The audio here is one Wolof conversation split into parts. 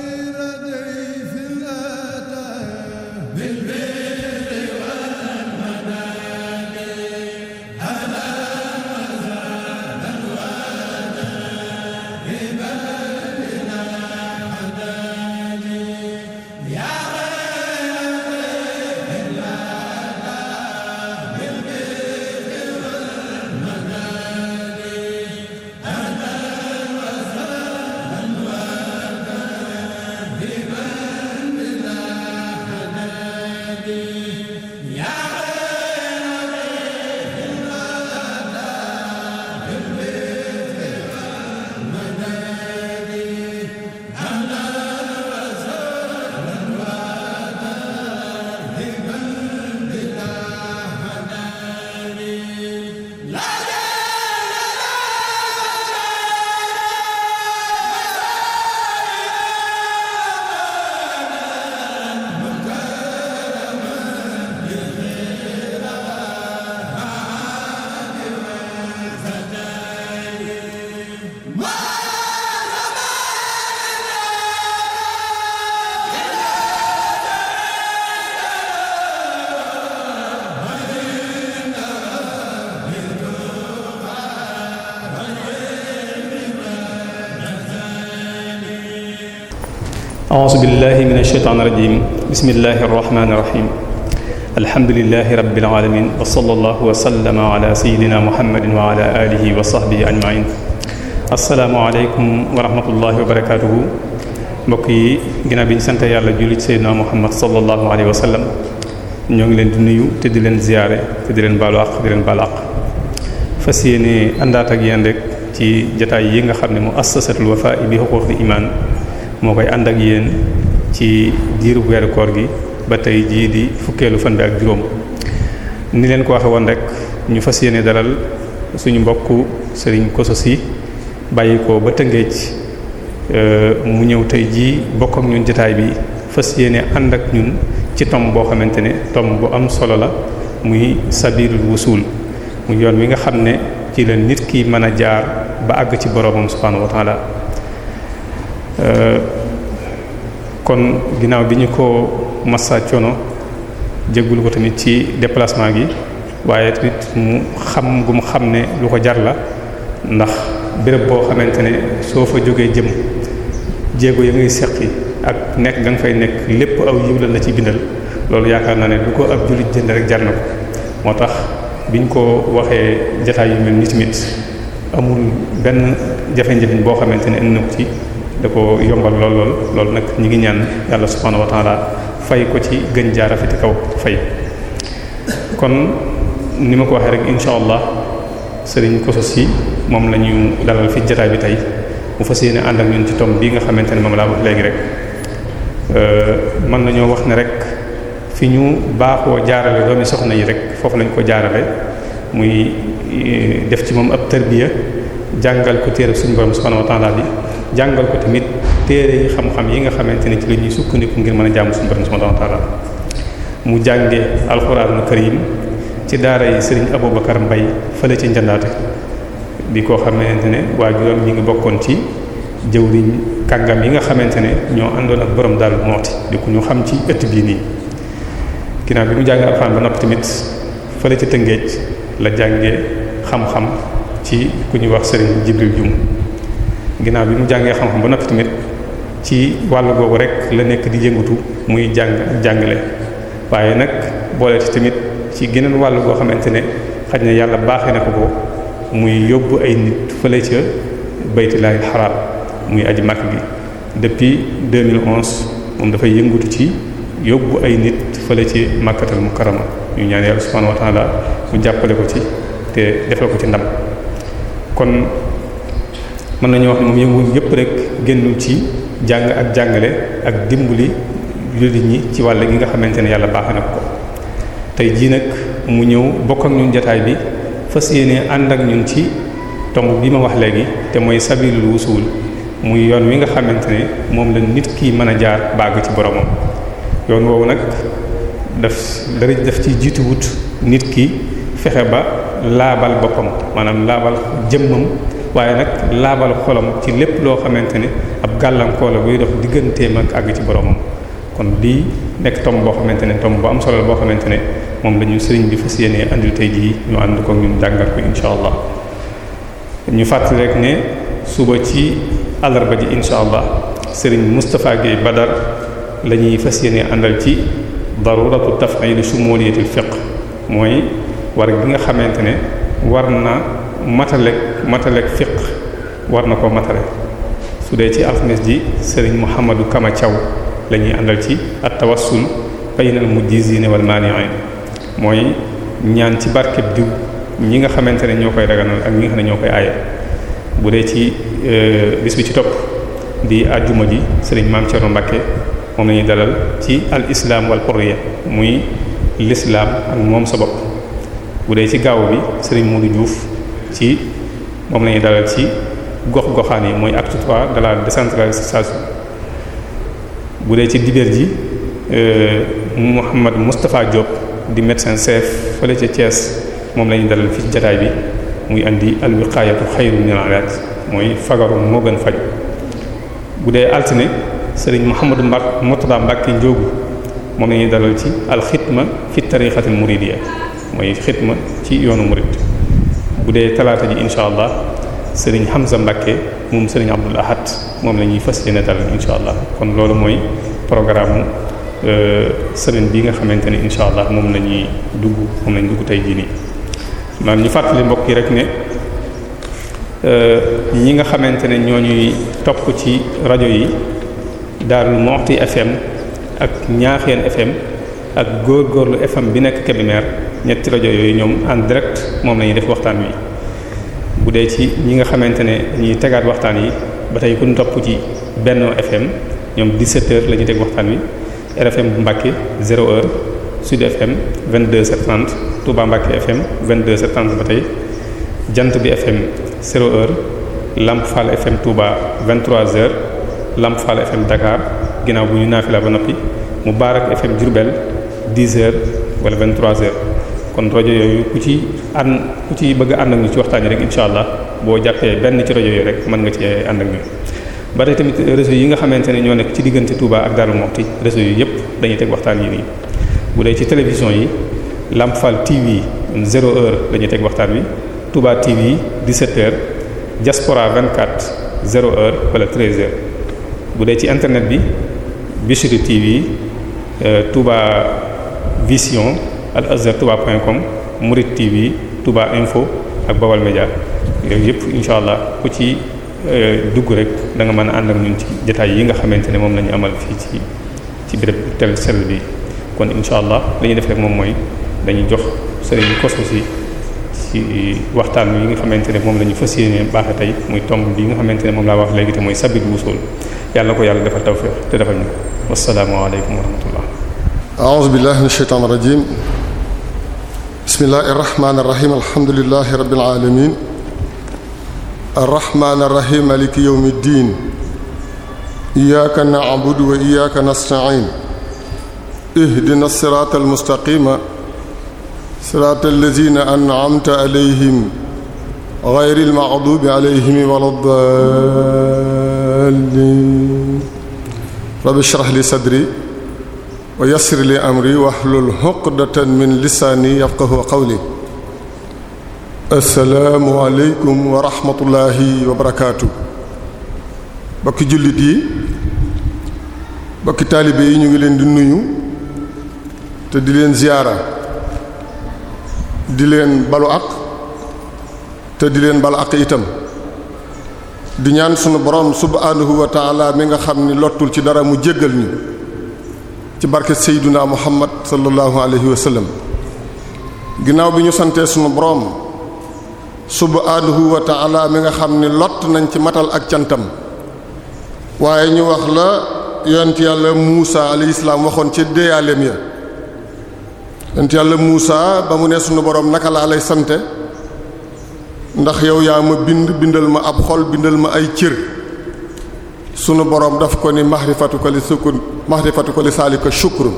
خير دين أعوذ بالله من الشيطان الرجيم بسم الله الرحمن الرحيم الحمد لله رب العالمين وصلى الله وسلم على سيدنا محمد وعلى آله وصحبه أجمعين asalaamaaleykum wa rahmatullahi wa barakaatuhu mbokk yi ginnaaw bi ñu sant yàlla julli ci seydina muhammad sallallahu alayhi wa sallam ñoo ngi leen di nuyu te di leen ziyaare te di leen baalu àq di leen baalu àq fas yéene àndaat ak yéen rek ci jataay yi nga xam ne mu assasatul wafa bi xuquuqil iman moo koy ànd ak yéen ci diiru weeru koor gi ba tey jii di fukkeelu fan bi ak juróom ni leen ko waxe woon rek ñu fas yéene dalal suñu mbokku Serigne Kosso Sy bàyyi ko ba Tëngéej euh, mu ñëw tey jii bokk ak ñun jotaay bi fas yéene ànd ak ñun ci tomb boo xamante ne tomb bu am solo la muy sabilul wusul mu yoon wi nga xam ne ci la nit ki mën a jaar ba àgg ci boromam subhanahu wa kon ginnaaw bi ñu ko massa coono jéggul ko tamit ci déplacement gi waaye tamit mu xam gu mu xam ne lu ko jar la ndax béréb boo xamante ne soo fa jógee jëm jéego ya ngay seqi ak nekk nga nga fay nekk lépp aw yiw la ci bindal loolu yaakaar naa ne lu ko ab jullit jënd rek jar na ko moo tax biñ ko waxee jataay yu mel ni tamit amul benn jafe-jafe boo xamante ne indi na ko ci da ko yombal lool lool loolu nag ñu ngi ñaan yàlla subhanahu wa ta'ala fay ko ci gën jaa rafeti kaw fay kon ni ma ko waxee rek incha allah sëriñ Kosso Sy moom la ñu dalal fi jotaay bi tey bu fas yéene ànd ak ñun ci tom bii nga xamante ne moom laa wax léegi rek mën nañoo wax ne rek fi ñu baaxoo jaarale doomi soxna yi rek foofu lañ ko jaarale muy e, def ci moom ab tarbiya jàngal ko téere suñu borom subhanahu wa ta'ala bi jàngal ko tamit téere yi xam-xam yi nga xamante ne ci la ñuy sukkandiku ngir mën a jaamu suñu borom subhanahu wa ta'ala mu jànge alxuraanul karim ci daara yi sëriñ Aboubacar Mbay fële ci njandaate bi koo xamante ne waajuram ñu ngi bokkoon ci jëwriñ kàngam yi nga xamante ne ñoo àndoon ak borom daal mooti di ko ñu xam ci ëtt bii nii ginnaaw bi mu jàngee alxuraan ba noppi tamit fële ci tëngéej la jànge xam-xam ci ku ñuy wax sëriñ Jibril Jum ginnaaw bi mu jàngee xam-xam ba noppi tamit ci wàll googu rek la nekk di yëngatu muy jàng ak jàngale waaye nag boole ci tamit ci geneen wàll goo xamante ne xaj na yàlla baax na ko ko muy yóbbu ay nit fële ca baytilaahil xaraam muy aji màkk gi depuis 2011 moom dafay yëngatu ci yóbbu ay nit fële ci màkkatal mukarrama ñu ñaan yàlla subhaanahu wa mu jàppale ko ci te defal ko ci ndam kon mën nañu wax ne moom yëngu yëpp rek génnul ci jàng ak jàngale ak dimbali jullit ñi ci wàll gi nga xamante ne yàlla baaxe na ko tey jii nag mu ñëw bokk ak ñun jataay bi fas yéene ànd ak ñun ci tomb bi ma wax léegi te mooy sabilul wusuul muy yoon wi nga xamante ne moom la nit ki mën a jaar bàgg ci boromam yoon woowu nag daf dara daf ci jiituwut nit ki fexe ba laabal boppam maanaam laabal jëmmam waaye nag laabal xolam ci lépp loo xamante ne ab gàllankoor la buy dox digganteem ak àgg ci boromam kon lii nekk tom boo xamante ne tom bu am solo la boo xamante ne moom la ñu sëriñ bi fas yéenee andil tey jii ñu ànd ko ñun jàngal ko incha allah ñu fàttali rek ne suba ci àllarba ji incha allah sëriñ Moustapha Guèye Badar la ñuy fas yéenee àndal ci daruratu taf'il shumuliyatil fiqh mooy war gi nga xamante ne war na. matalek matalek fiq war na ko matale su dee ci alxames ji sëriñ Mouhamadou Kama Thiaw la ñuy àndal ci at tawassul baynal mujjizina wal mani'in mooy ñaan ci barkeb diw ñi nga xamante ne ñoo koy daganal ak ñi nga xam ñoo koy aaye bu dee ci euh, bis bi ci topp di àjjuma ji sëriñ Maam Thierno Mbacké moom la dalal ci al islam wal hurriya muy l'islam ak moom sa bopp bu dee ci gaaw bi sëriñ Modou Diouf ci moom lañuy ñuy dalal ci gox goxaan yi mooy acte 3 de la décentralisation bu dee ci dibeer ji euh, Mouhamad Moustapha Diop di médecin chef fële ca Thiès moom la ñuy dalal fi jataay bi muy andi alwiqaayatu xayru min al mooy fagaru moo gën faj bu dee altine sëriñ Mouhamadou Mbar Mourtada Mbacke Ndiogu moom la ñuy dalal ci alxitma fi tariqatil muridiyya mooy xitma ci yoonu murid bu dee talaata ji incha allah sëriñ Hamza Mbacke moom sëriñ Abdul Ahad moom la ñuy fas yéene dalal incha allah kon loolu mooy programme euh, sëriñ bi nga xamante ni incha allah moom la ñuy dugg moom la dugg tey jii nii. maanaam ñu fàttali mbokk yi rek ne euh, ñi nga xamante ne ñoo ñuy topp ci rajo yi Darou Moukhty FM ak Ñaaxeen FM. ak góor góorlu FM bi nekk Kébémer ñetti rajo yooyu ñoom endirect moom la ñuy def waxtaan wi. bu dee ci ñi nga xamante ne ñuy tegaat waxtaan yi ba tey ku ñu topp ci benn FM ñoom 17 la ñuy teg waxtaan wi RFM bu Mbacké 0h Sud FM 22h30 Touba Mbacké FM 22h30 ba tey Jant bi FM 0h Lamp Fall FM Touba 23h Lamp Fall FM Dakar ginnaaw bu ñu naafila ba noppi mu Moubarak FM Diourbel. dix heures wala vingt trois kon rajo ci ànd ku ci bëgg ànd ak ñu waxtaan yi rek incha allah boo jàppee benn ci rajo yooyu rek mën nga ci ànd ak ñun. tamit réseau yi nga xamante ne ñoo nekk ci diggante Touba ak Darou Moukhty réseau yëpp dañuy teg waxtaan yi nii bu dee ci télévision yi Lamp Fall TV zéro heure dañuy teg waxtaan wi Touba TV 17 heures Diaspora 24 zéro heure wala 13 heures bu dee ci internet bi Bichri TV euh, Touba. vision al azhar touba point com Murid TV touba info ak Bawal Média yooyu yëpp incha allah ku ci euh, dugg rek da nga mën a ànd ak ñun ci jotaay yi nga xamante ne moom la ñu amal fii ci ci béréb tel sell bi kon incha allah li ñuy def rek moom mooy dañuy jox sëriñ kosu si ci waxtaan yi nga xamante ne moom la ñu fas yéene baaxe tey muy tomb bi nga xamante ne moom laa wax léegi te mooy sabit wusul yàlla ko yàlla defal tawfiq te defal ñu ko wassalaamu aleykum wa a'uuzu billahi mina shaytaani rajiim bismillahi rahmaani rahiim alhamdulillahi rabbil aalamiin arrahmaani rahiim maaliki yawmi ddiin iyyaaka na'budu wa iyyaaka nasta'iin ihdina siraatal mustaqiima siraatal laziina an'amta alayhim gayril maxduubi alayhim wala daalliin rabbi shrah li sadri wa yassir li amri wahlul uqdatan min lisaani yafqahu qawli assalaamu aleykum wa rahmatullahi wa barakaatu bokki jullit yi bokki taalibe yi ñu ngi leen di nuyu te di leen ziyaara di leen balu ak te di leen balu ak itam di ñaan sunu borom subhaanahu wa taala mi nga xam ni lottul ci dara mu jéggal ñu ci barke Seydina Muhammad sallallahu alayhi wa sallam ginnaaw bi ñu santee sunu boroom subhanahu wa ta'ala mi nga xam ni lott nañ ci matal ak cantam waaye ñu wax la yonent yàlla Muusa alayhi waxoon ci déyaaleem ya yonent yàlla Muusa ba mu ne sunu boroom naka laa lay sante ndax yow yaa ma bind bindal ma ab xol bindal ma ay cër sunu boroom daf ko ni mahrifatuka li sukun mahrifatuka li saalika shukrun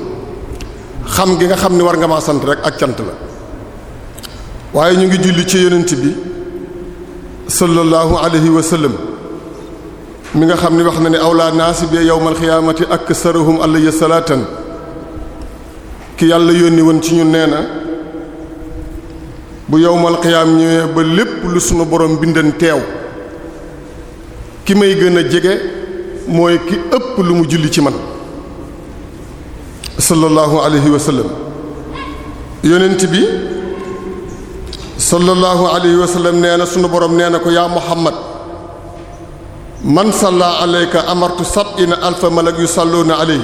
xam gi nga xam ni war nga maa sant rek ak cant la waaye ñu ngi julli ci yonent bi sallallahu alayhi wa mi nga xam ni wax na ne awlaa naasi bi yowmal ak aksaruhum alayya salaatan ki yàlla yónni woon ci ñun nee na bu yowmal xiyaam ñëwee ba lépp lu sunu borom bindan teew ki may gën a jege mooy kii ëpp lu mu julli ci man sallallahu alayhi wa sallam bi sallallahu alayhi wa sallam nee na sunu borom nee na ko yaa muhammad man salla alayka amartu sab'ina alfa malak yu salluna alayhi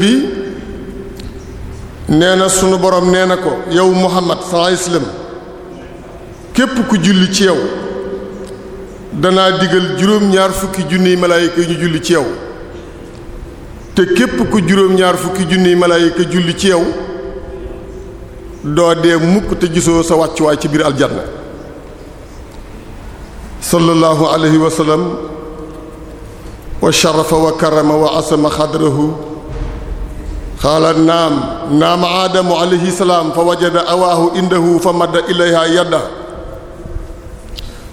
bi nee na sunu borom nee na ko yow muhammad sallallahu képp ku julli ci yow danaa digal juróom-ñaar fukki junniy malaayika ñu julli ci yow te képp ku juróom-ñaar fukki junniy malaayika julli ci yaw doo dee mukk te gisoo sa wàccuwaay ci biir aljanna sallallahu alayhi wa wa sharafa wa karama wa asama xadrahu xaala naam naam aadamu alayhi fa wajada awaahu indahu fa madda ilayha yadda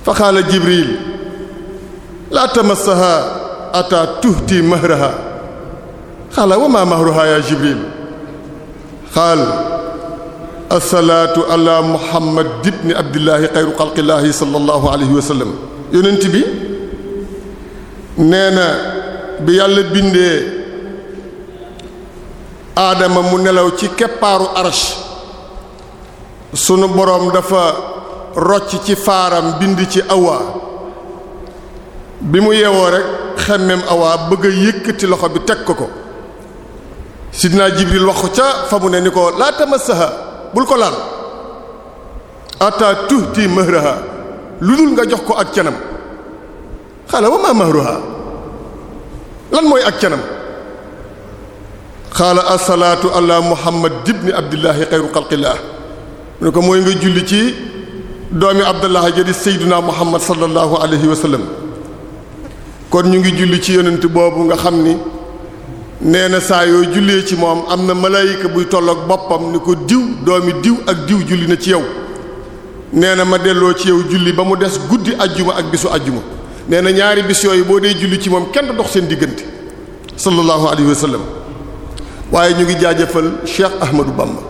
fa xaala jibril laa tamassaha ata tuhti mahraha xaala wa ma mahruha ya xaal asalaatu ala muhammad ibni abdillahi xayru xalqillaahi sallallahu alayhi wa sallam bi nee na bi yàlla bindee aadama mu nelaw ci keppaaru arash sunu boroom dafa rocc ci faaram bind ci awa bi mu yeewoo rek xemmem awaa bëgg a ci loxo bi teg ko ko sidna jibril wax ca fa mu ne ni ko laa tamassaha bul ko laal ata tuhti mahraha lu dul nga jox ko ak cenam xaala wa ma mahruha lan mooy ak canam xaala asalaatu ala muhammad ibni abdillahi xayru xalqillah mu ne ko mooy nga julli ci doomi abdallah jadi sayduna muhammad sallallahu alayhi wa sallam kon ñu ngi julli ci yonent boobu nga xam ni nee na saa yoo jullee ci moom am na malaayika buy tollook boppam ni ko diw doomi diw ak diw julli na ci yow nee na ma delloo ci yow julli ba mu des guddi ajjuma ak bisu ajjuma nee na ñaari bis yooyu boo dee julli ci moom kenn dox seen diggante sallallahu alayhi waaye ñu ngi jaajëfal Cheikh Ahmadou Bamba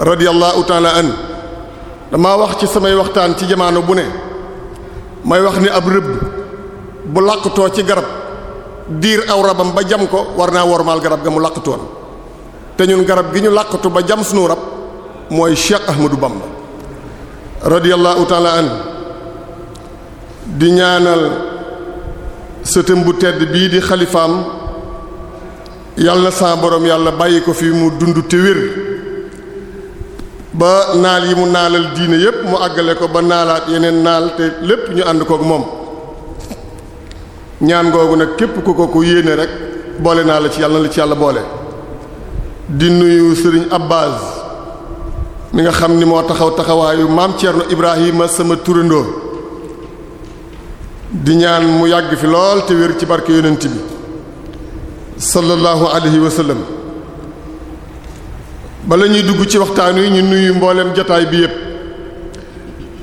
radiyallahu taala dama wax ci samay waxtaan ci jamaano bu ne may wax ni ab rëbb bu làqutoo ci garab diir aw rabam ba jam ko war naa wormaal garab ga mu làqutoon te ñun garab gi ñu làqutu ba jam sunu rab mooy Cheikh du bam radiyallahu ta'ala an di ñaanal sëtëm bu tedd bii di xalifaam yàlla na sa borom yàlla bàyyi ko fi mu dund tiwir ba naal yi mu naalal diine yépp mu àggale ko ba naalaat yeneen naal te lépp ñu ànd kook moom ñaan googu nag képp ku ko ku yéene rek boole naa la ci yàlla na ci yàlla boole di nuyu sëriñ Abbas mi nga xam ni moo taxaw taxawaayu maam Thierno Ibrahima sama turandoo di ñaan mu yàgg fi lool te wér ci barke yonent bi sallallahu alayhi wa bala ñuy dugg ci waxtaan wi ñu nuyu mboolem jotaay bi yépp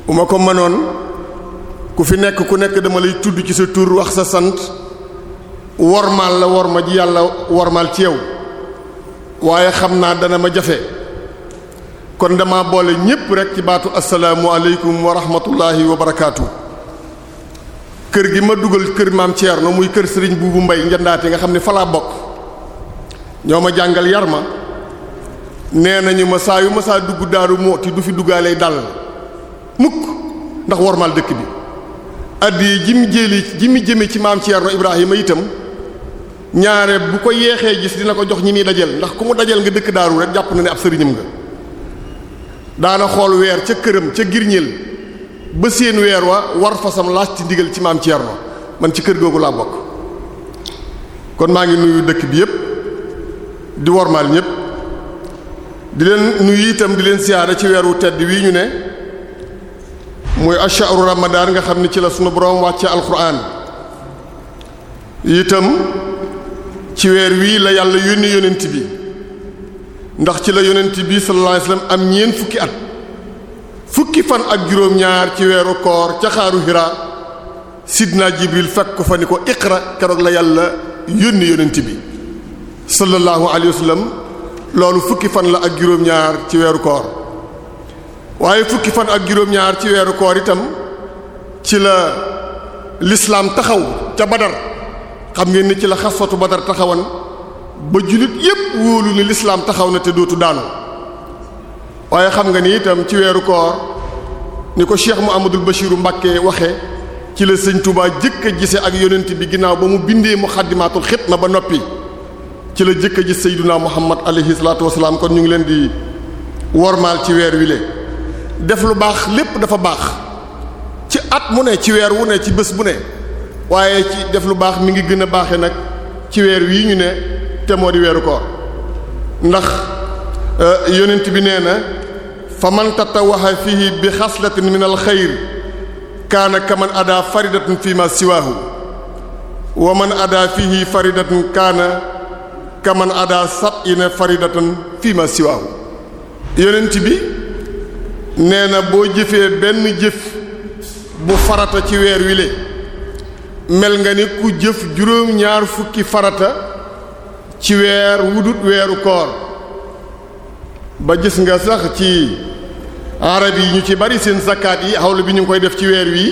bu ma ko mënoon ku fi nekk ku nekk dama lay tudd ci sa tuur wax sa sant wormaal la worma ji yàlla wormaal ci yow waaye xam naa dana ma jafe kon dama boole ñépp rek ci baatu assalaamu aleykum wa rahmatullahi wa barakaatu kër gi ma dugal kër maam Thierno muy kër sëriñ buubu mbay njandaate nga xam ne falaa bokk ñoo ma jàngal yar ma nee nañu ma yu masaa dugg daaru mooti du fi duggaalee dal mukk ndax wormal dëkk bi addi jim jéeli jimmi jëme ci maam Thierno Ibrahima itam ñaare bu ko yeexee gis dina ko jox ñi muy dajal ndax ku mu dajal nga dëkk daaru rek jàpp na ne ab sëriñam nga daana xool weer ca këram ca girñeel ba séen weer wa war fasam laaj ci ndigal ci maam Thierno man ci kër googu laa bokk kon maa ngi nuyu dëkk bi yépp di wormaal ñépp di leen nuyu itam di leen siyaare ci weeru tedd wii ñu ne muy ashaaru ramadaan nga xam ni ci la sunu borom wàcce alquran itam ci weer wii la yàlla yónni yonent bi ndax ci la yonent bi sallallahu alayhi am ñeen fukki at fukki fan ak juróom-ñaar ci weeru koor ca xaaru hira sidna jibril fekk fa ni ko iqra keroog la yàlla yónni yonent bi sallallahu alayhi wasallam loolu fukki fan la ak juróom-ñaar ci weeru koor waaye fukki fan ak juróom-ñaar ci weeru koor itam ci la lislaam taxaw ca Badar xam ngeen ni ci la xaswatu Badar taxawan ba jullit yépp wóolu ni lislaam taxaw na te dootu daanu waaye xam nga ni itam ci weeru koor ni ko mu Mouhamadul Bachiru mbakke waxe ci la sëñ Touba jëkk a gise ak yonent bi ginnaaw ba mu bindee mu Muxaddimaatul Xidma ba noppi ci la jëkk a gis sayyiduna muhammad alayhi salaatu wasalaam kon ñu ngi leen di wormaal ci weer wi le def lu baax lépp dafa baax ci at mu ne ci weer wu ne ci bés bu ne waaye ci def lu baax mi ngi gën baaxe nag ci weer wii ñu ne te moo di weeru koor ndax euh, yonent bi nee na fa man tatawwaha fihi bi xaslatin min al xayr kaana kaman adaa faridatun fi ma siwaahu wa man adaa fihi faridatun kaana kaman ada sat ina faridatan fii ma siwaahu yonent bi nee na boo jëfee benn jëf bu farata ci weer wile mel nga ni ku jëf juróom-ñaar fukki farata ci weer wudut weeru koor ba gis nga sax ci arab yi ñu ci bari seen zakaat yi xawla bi ñu koy def ci weer wi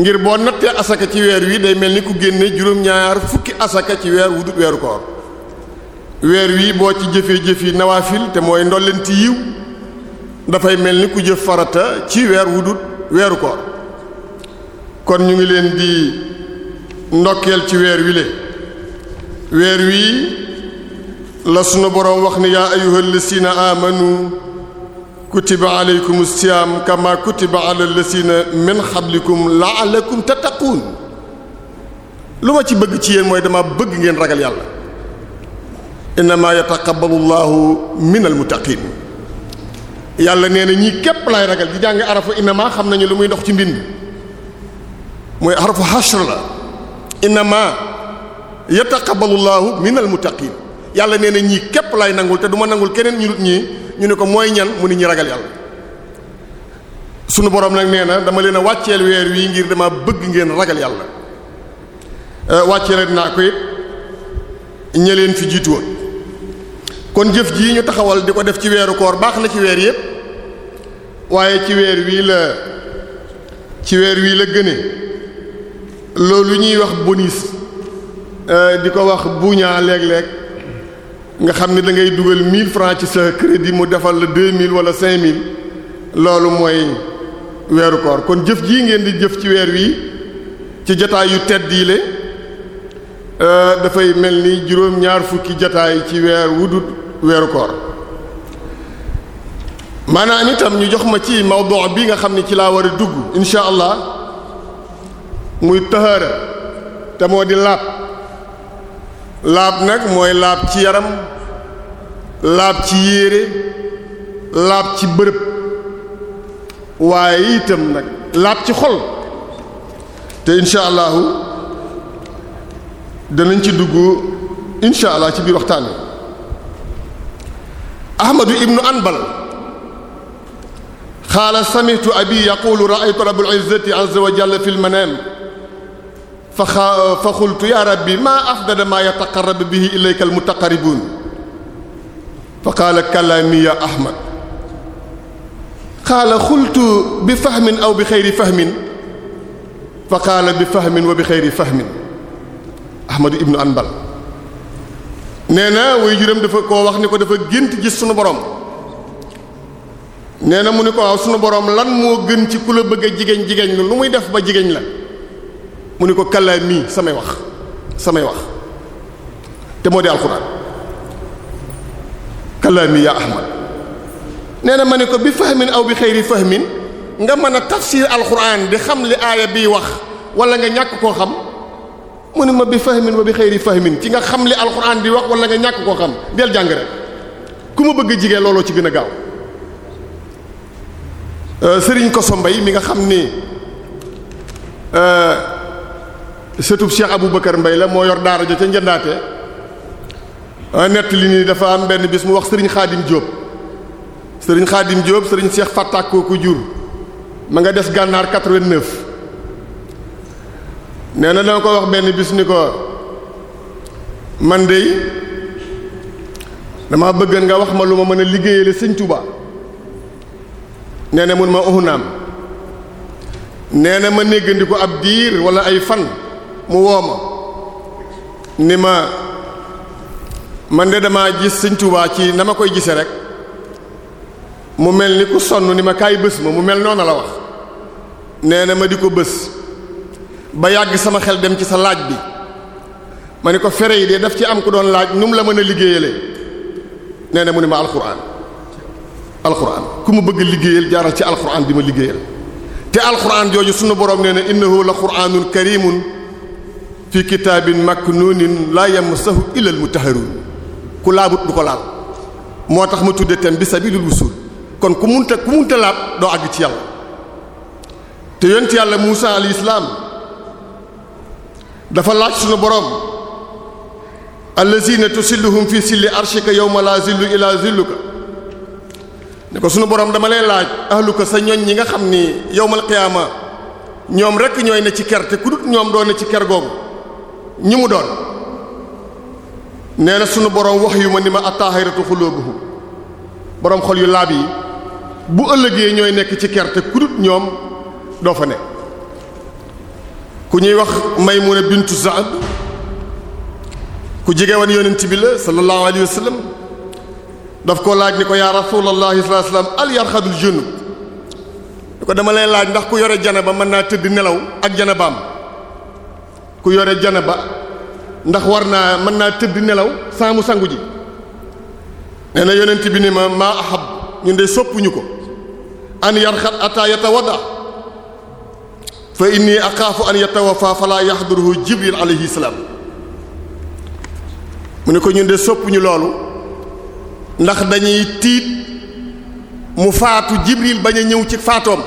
ngir boo nattee asaka ci weer wi day mel ni ku génne juróom-ñaar fukki asaka ci weer wudut weeru koor weer wii boo ci jëfee jëfe yi nawaafil te mooy ndollenti yiw dafay mel ni ku jëf farata ci weer wudut weeru ko kon ñu ngi leen di ndokkeel ci weer wi le weer wi la sunu boroom wax ni yaa ayyuhal lasiina aamanu kutiba aleykum siyaam kama kutiba ala lasiina min xablikum laalakum tattaquun lu ma ci bëgg ci yéen mooy dama bëgg ngeen ragal yàlla innama yataqabbalu llahu min almuttaqin yàlla nee na ñii képp lay ragal di jàng arafu innama xam nañu li muy dox ci mbind mooy arafu hashr la innama yataqabbalu llahu min almuttaqin yàlla nee na ñii képp laay nangul te duma nangul keneen ñu ñi ñu ne ko mooy ñan mu ni ñi ragal yàlla sunu boroom nag nee na dama leen a wàcceel weer wi ngir dama bëgg ngeen ragal yàlla wàcceel naa ko it ña leen fi jiitu woon kon jëf jii ñu taxawal di ko def ci weeru koor baax na ci weer yépp waaye ci weer wii la ci weer wii la gëne loolu lu ñuy wax bonus euh, di ko wax buñaa léeg-léeg nga xam ne da ngay dugal 1000 francs ci sa crédit mu defal la 2000 wala 5000 loolu mooy weeru koor kon jëf jii ngeen di jëf ci weer wi ci jataay yu tedd yi le euh, dafay mel ni juróom ñaar fukki jataay ci weer wudut weeru koor maanaam itam ñu jox ma ci mawdu bi nga xam ne ci laa war a dugg insha allah muy tahaara te moo di laab laab nag mooy laab ci yaram laab ci yére laab ci bërëb waaye itam nag laab ci xol te insha danañ ci dugg insha allah ci biir waxtaan ahmadu ibnu anbal qaala sami'tu abi yaqulu ra'aytu rabbul izzati azza wa jalla fil manam fa fa qultu ya rabbi ma afdada ma yataqarrabu bihi ilayka almutaqarribun fa qaala kalaami ya ahmad qaala qultu bi fahmin aw bi xayri fahmin fa qaala bi fahmin wa bi xayri fahmin ahmadu ibnu anbal nee na way juram dafa koo wax ni ko dafa gént gis suñu borom nee na mu ne ko waaw sunu borom lan moo gën ci ku la bëgg a jigéen jigéen lu muy def ba jigéen la mu ni ko kàllaa mii samay wax samay wax te moo di alxuraan kàllaa mii yaa ahmad nee na ma ne ko bi fahmin aw bi xëyri fahmin nga mën a tafsir alxuraan di xam li aaya biy wax wala nga ñàkk koo xam mu ne ma bi fahmin wa bi xëyri fahmin ci nga xam li alxuraan di wax wala nga ñàkk koo xam del jàng rek ku ma bëgg jigee looloo ci gën a gaaw euh, sëriñ Koso Mbaye mi nga xam ni euh, sëtub Cheikh Aboubacar mbay la moo yor daara jo ca njëndaate euh, nett li nii dafa am benn bis mu wax sëriñ Xaadim jóob sëriñ Xaadim Diop sëriñ Cheikh Fatta kooku jur ma nga des gànnaar 89 nee na dama ko wax benn bis ni ko man de dama bëgg nga wax ma lu ma mën a liggéeyale sëñ Tuba nee na mun ma nee na ma néggandiku ab diir wala ay fan mu wooma ni ma man de damaa gis sëñ Tuba ci na ma koy gise rek mu mel ni ku sonn ni ma kaay bés ma mu mel noona la wax nee ma di ko bés ba yàgg sama xel dem ci sa laaj bi ma ne ko fere yi de daf ci am ku doon laaj nu la mën a liggéeyale nee na mu ne ma alxuraan alxuraan ku mu bëgg liggéeyal jaaral ci alxuraan bi ma liggéeyal te alxuraan jooju sunu borom nee na innahu la quraanun karimun fi kitaabin maknuunin laa yamassahu illal mutahharuun ku laabut du ko laal moo tax ma tudde thème bi sabiilul wusuul kon ku munta ku munta laab doo àgg ci yàlla te yonent yàlla Muusaa alayhi salaam dafa laaj suñu boroom allazina tusilluhum fi silli arshika yawma la zillu ila zilluka ne ko sunu boroom dama lay laaj ahluka sa ñoñ ñi nga xam ni yawmal qiyaama ñoom rekk ñooy ne ci ker te ku ñoom doo ne ci ker googu ñi mu doon nee na sunu boroom wax yu ma ni ma attahiratu xulubuhum boroom xol yu laab yi bu ëllëg ëllëgee ñooy nekk ci ker te ku ñoom doo fa ne ku ñuy wax may Maymuna bintu Saad ku jege woon yonent bi la sallallahu alayhi wa sallam daf ko laaj ni ko yaa rasulallahi sallallahu alayhi al yarxadul junub ni ko dama lay laaj ndax ku yore ba mën naa tëdd nelaw ak jana baam ku yore ba ndax war naa mën naa tëdd nelaw saa mu ji nee na yonent bi ni ma maa ahab ñun de soppuñu ko an yarxat ata yatawada fa inni axaafu an yatawafa fala yaxduruhu jibril alayhi salaam mu ne ko ñun de sopp loolu ndax dañuy tiit mu faatu jibril bañ ñëw ci faatoom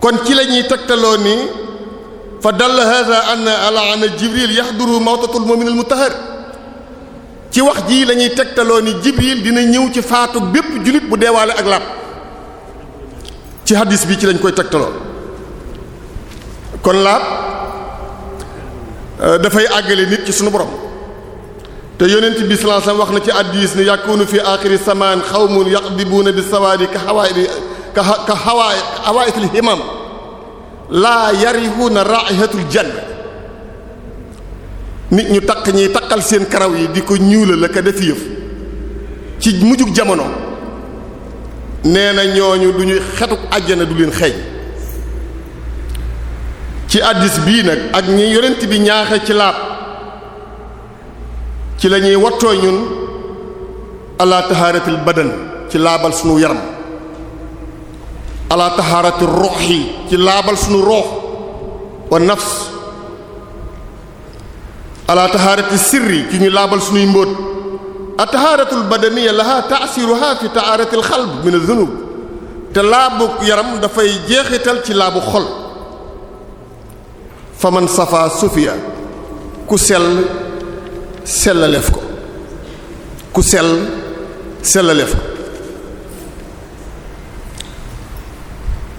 kon ci lañuy ñuy tegtaloo ni fa dalla hada an alaana jibril yaxduruhu mawtatul mu'min al mutahhar ci wax jii lañuy ñuy tegtaloo ni jibril dina ñëw ci faatu bépp jullit bu deewaale ak làpp ci hadis bi ci lañ koy tegtaloo kon laab euh, dafay àggale nit ci sunu borom te yonent bi sallallahu alayhi wax na ci hadiis ne yakunu fi aaxiri samaan xawmun yaqdibuuna bi sawaadi ka xawaayidi ka ka xawaay xawaayitil himam laa yarihuuna raihatul janna nit ñu takk ñiy takkal seen karaw yi di ko ñuula la ka def yëf ci mujjug jamono nee na ñooñu duñuy xetuk àjjana du leen xeeñ ci addis bii nag ak ñi yonent bi ñaaxe ci laab ci lañuy ñuy wattoo ñun ala tahaaratil badan ci laabal sunu yaram ala tahaaratil ruux ci laabal sunu ruux wa nafs ala tahaaratil sirri ci ñu laabal sunuy mbóot a tahaaratul badaniya laha taasiruha fi tahaaratil xalb min adh-dhunub te laabu yaram dafay jeexital ci laabu xol faman safa sufiya ku sell sellaleef ko ku sell sellaleef ko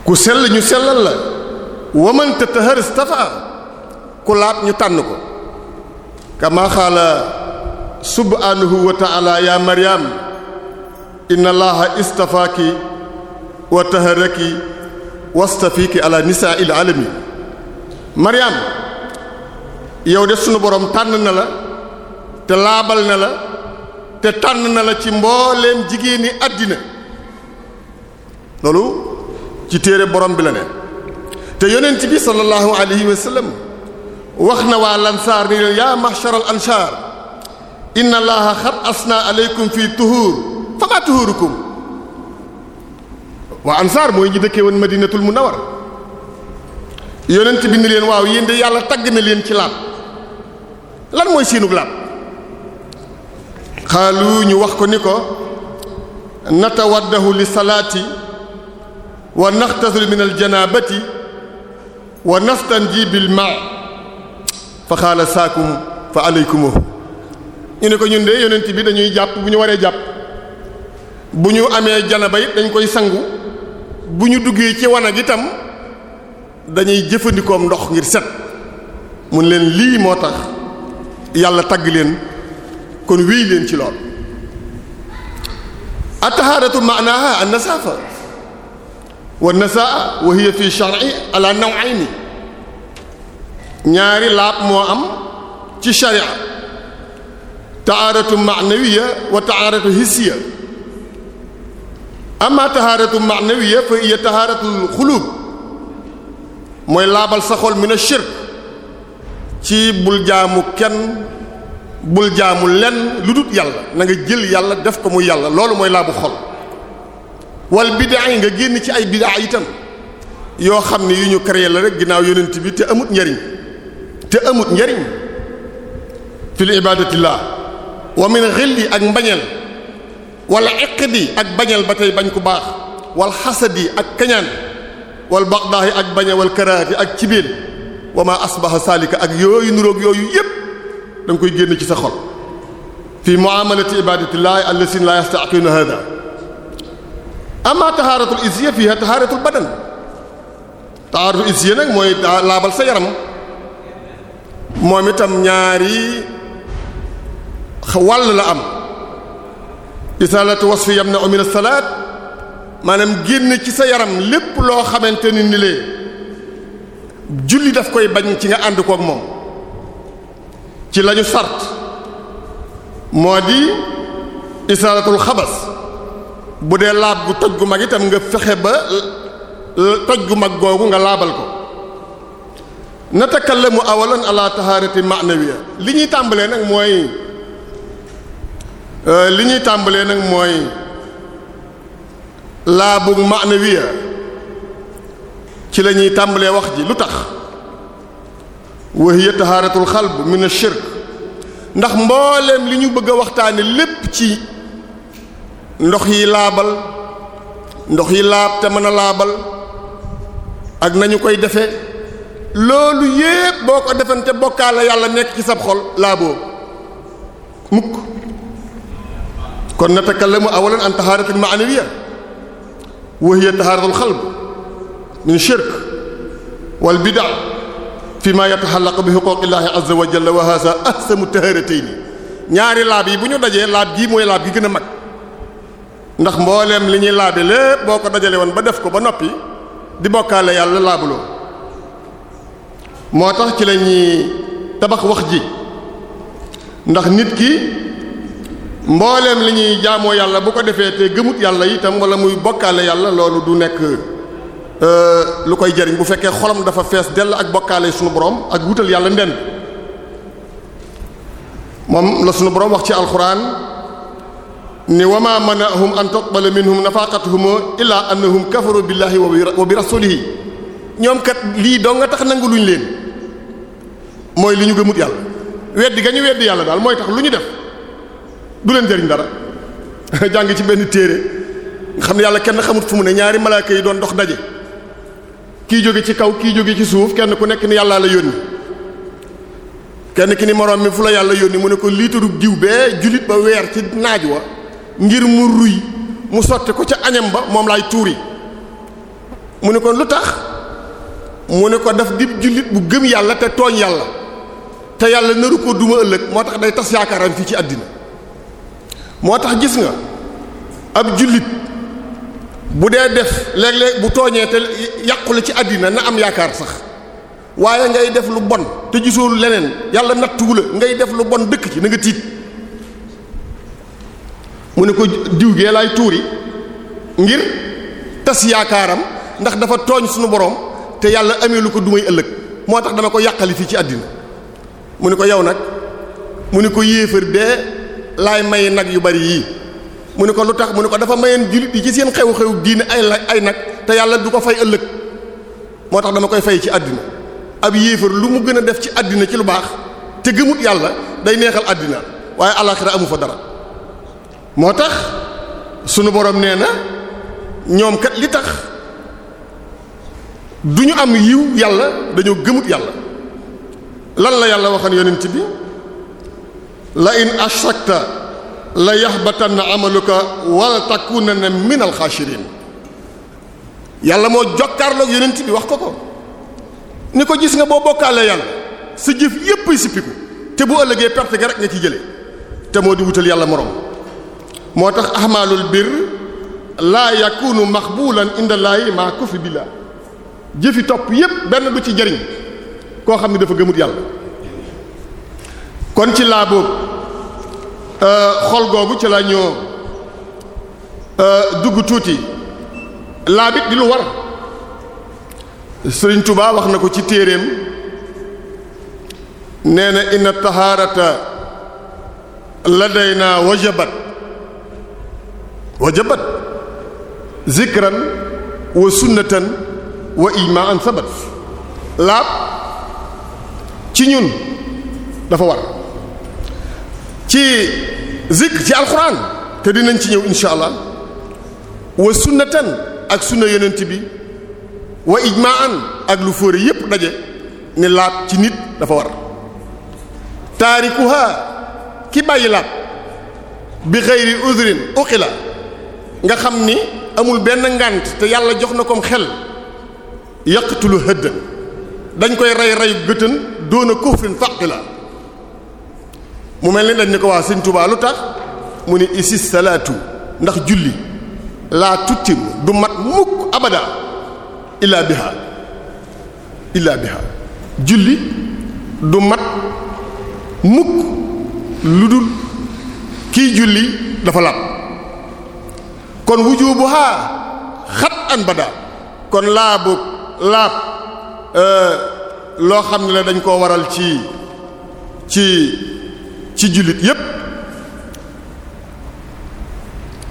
ku sell ñu sellal la waman tatahar istafa ku laab ñu tànn ko kama xaala subhanahu wa ta'ala ya maryam inna allaha istafaaki wa taharaki wastafiki ala nisaa'il alamin Maryam yow de sunu borom tànn na la te laabal na la te tànn na la ci mbooleem jigéeni àddina loolu ci téere borom bi la ne te yonent bi sallallahu alayhi wa sallam wax na waa lansaar ni leen yaa mahshar al ansar inna allaha xat asna aleykum fi tuhur fama tuhurukum waa ansaar mooy ñi dëkkee woon madinatul munawwar yonent bi ni leen waaw yéen de yàlla tagg na leen ci laab lan mooy seenug laab xaalu ñu wax ko ni ko natawaddahu li salaati wa naxtasul min aljanabati wa nastanji bil maa fa xaala saakum fa alaykumoo ñu ne ko ñun de yonent bi dañuy jàpp bu ñu waree jàpp bu ñu amee janaba it dañ koy sangu bu ñu duggee ci wanag itam dañuy jëfandikoo ndox ngir set mun leen lii moo tax yàlla tagg leen kon wéy leen ci lool at-tahaaratu ma'naaha an-nasaafa wa nasaa wa hiya fi shar'i ala naw'ayni ñaari laab moo am ci sharia tahaaratu ma'nawiyya wa tahaaratu hissiyya amma tahaaratu ma'nawiyya fa hiya tahaaratul xuluub mooy laabal sa xol mina shirk ci bul jaamu kenn bul jaamu lenn lu dul yàlla na nga jël yàlla def ko muy yàlla loolu mooy laabu xol wal bid'a yi nga génn ci ay bid'a itam yoo xam ne yu ñu créé la rek ginnaaw yonent bi te amut njariñ te amut njariñ fil ibadatillah wa min xilli ak mbañeel wala iqdi ak bañeel ba tey bañ ku baax wal xasadi ak kañaan wal baxdaa ak bañe wal karaat yi ak cibeel wa ma asbaha saalika ak yooyu nuroog yooyu yépp da koy génn ci sa xol fi muamalati ibadatillahi allasin la yastaqina hada ama tahaaratul isya fiha tahaaratul badan tahaaratul isya nag mooy laabal sa yaram moom itam ñaari wàll la am isalatu wasfi yamna min as maanaam génn ci sa yaram lépp loo xamante ni ni lee julli daf koy bañ ci nga ànd kook moom ci lañu sart moo di isaaratul xabas bu dee laab bu toj gu mag itam nga fexe ba toj gu mag googu nga laabal ko natakallamu awalan ala taharati ma'nawiyya li ñuy tàmbalee nag mooy euh, li ñuy tàmbalee nag mooy laa bug maanawiya ci la ñuy tàmbalee wax ji lu tax wa hiya xal xalb min ash-shirk ndax mbooleem li ñu bëgg a waxtaane lépp ci ndox yi laabal ndox yi laab te mën a laabal ak nañu koy defe loolu yépp boo ko defante bokkaale yàlla nekk ci sab xol laaboo mukk kon natakallamu awalan an tahaaratul maanawiya wa hiya tahaaratul xalb min shirk wal bida fi ma yataxallaq bi xuquqillaahi azza wa jalla wa haza ahsamu taharatayni ñaari laab yi bu ñu dajee laab gii mooy laab gi gën a mag ndax mbooleem li ñuy laabe lépp boo ko dajale woon ba def ko ba noppi di bokkaale yàlla laabuloo moo tax ci lañuy tabax wax ji ndax nit ki mbooleem li ñuy jaamoo yàlla bu ko defee te gëmut yàlla itam wala muy bokkaale yàlla loolu du nekk euh, lu koy jëriñ bu fekkee xolam dafa fees dell ak bokkaale sunu borom ak wutal yàlla ndend moom la sunu borom wax ci alxuraan ni wa ma mana'ahum an tuqbala minhum nafaqatuhum illa annahum kafaru billahi wa bi rasulihi ñoom kat lii doo nga tax nangu luñ leen mooy li ñu gëmut yàlla weddi ga ñu weddi yàlla daal mooy tax lu ñu def du leen jëriñ dara jàng ci benn téere nga xam ne yàlla kenn xamut fu mu ne ñaari malaaka yi doon dox daje kii jóge ci kaw kii jóge ci suuf kenn ku nekk ni yàllaa la yónni kenn ki ni moroom mi fu la yàlla yónni mu ne ko liitaru diw bee jullit ba weer ci naaj wa ngir mu ruy mu sotti ko ca añam ba moom laay tuuri mu ne ko lu tax mu ne ko daf dib jullit bu gëm yàlla te tooñ yàlla te yàlla naru ko duma ëllëg moo tax day tas yaakaaram fii ci àddina moo tax gis nga ab jullit bu dee def léeg-léeg bu tooñee te yàqule ci àddina na am yaakaar sax waaye ngay def lu bon te gisoolu leneen yàlla nattuwu la ngay def lu bon dëkk ci na nga tiit mu ne ko diw gee laay tuuri ngir tas yaakaaram ndax dafa tooñ suñu borom te yàlla amee lu ko du ëllëg moo tax dama ko yàqali fii ci àddina mu ne ko yow nag mu ne ko yéefar dee laay maye nag yu bari yii mu ne ko lu tax mu ne ko dafa mayeen jullit yi ci seen xew-xew diine ay la ay nag te yàlla du ko fay ëllëg moo tax dama koy fay ci àddina ab yéefar lu mu gën a def ci àddina ci lu baax te gëmut yàlla day neexal àddina waaye alaxira amu fa dara moo tax sunu borom nee na ñoom kat li tax du ñu am yiw yàlla dañoo gëmut yàlla lan la yàlla waxoon yonent bi la in ashrakta la yahbatanna amaluka wala na minal xaasiriin yàlla moo jokkaarloog yonent bi wax ko ko ni ko gis nga boo bokkaale yàlla sa jëf yépp ay sippiku te bu ëllëgee perte ga rek nga ci jële te moo di wutal yàlla moroom moo tax ahmaalul bir laa yakunu maqbulan indallaahi maa kufri billaa jëfi topp yépp benn lu ci jariñ koo xam ne dafa gëmut yàlla kon ci laa boobu Euh, xol googu ci la ñu euh, dugg tuuti laabit di lu war Sëriñ Tuubaa wax na ko ci téereem nee na inna tahaarata ladayna wajabat wajabat zikran wa sunnatan wa ijmaan sabat laab ci ñun dafa war ci zikr ci alquran te dinañ ci ñëw insha allah wa sunnatan ak sunna yonent bi wa ijmaan ak lu fóore yépp daje ne laab ci nit dafa war taarikuha ki bàyyi laab bi xeyri uzrin uqila nga xam ni amul benn ngànt te yàlla jox na koom xel yaqtulu hëddan dañ koy rey reyu gëtën doona kufrin faqila mu mel ni dañ ni ko waa Sëriñ Tuubaa tax mu ni isi salaatu ndax julli laa tuttim du mat mukk abada illaa biha illaa biha julli du mat mukk lu dul kiy julli dafa làpp kon wujubuha xat an bada kon laabu laab euh, loo xam ne la dañ koo waral ci ci ci jullit yépp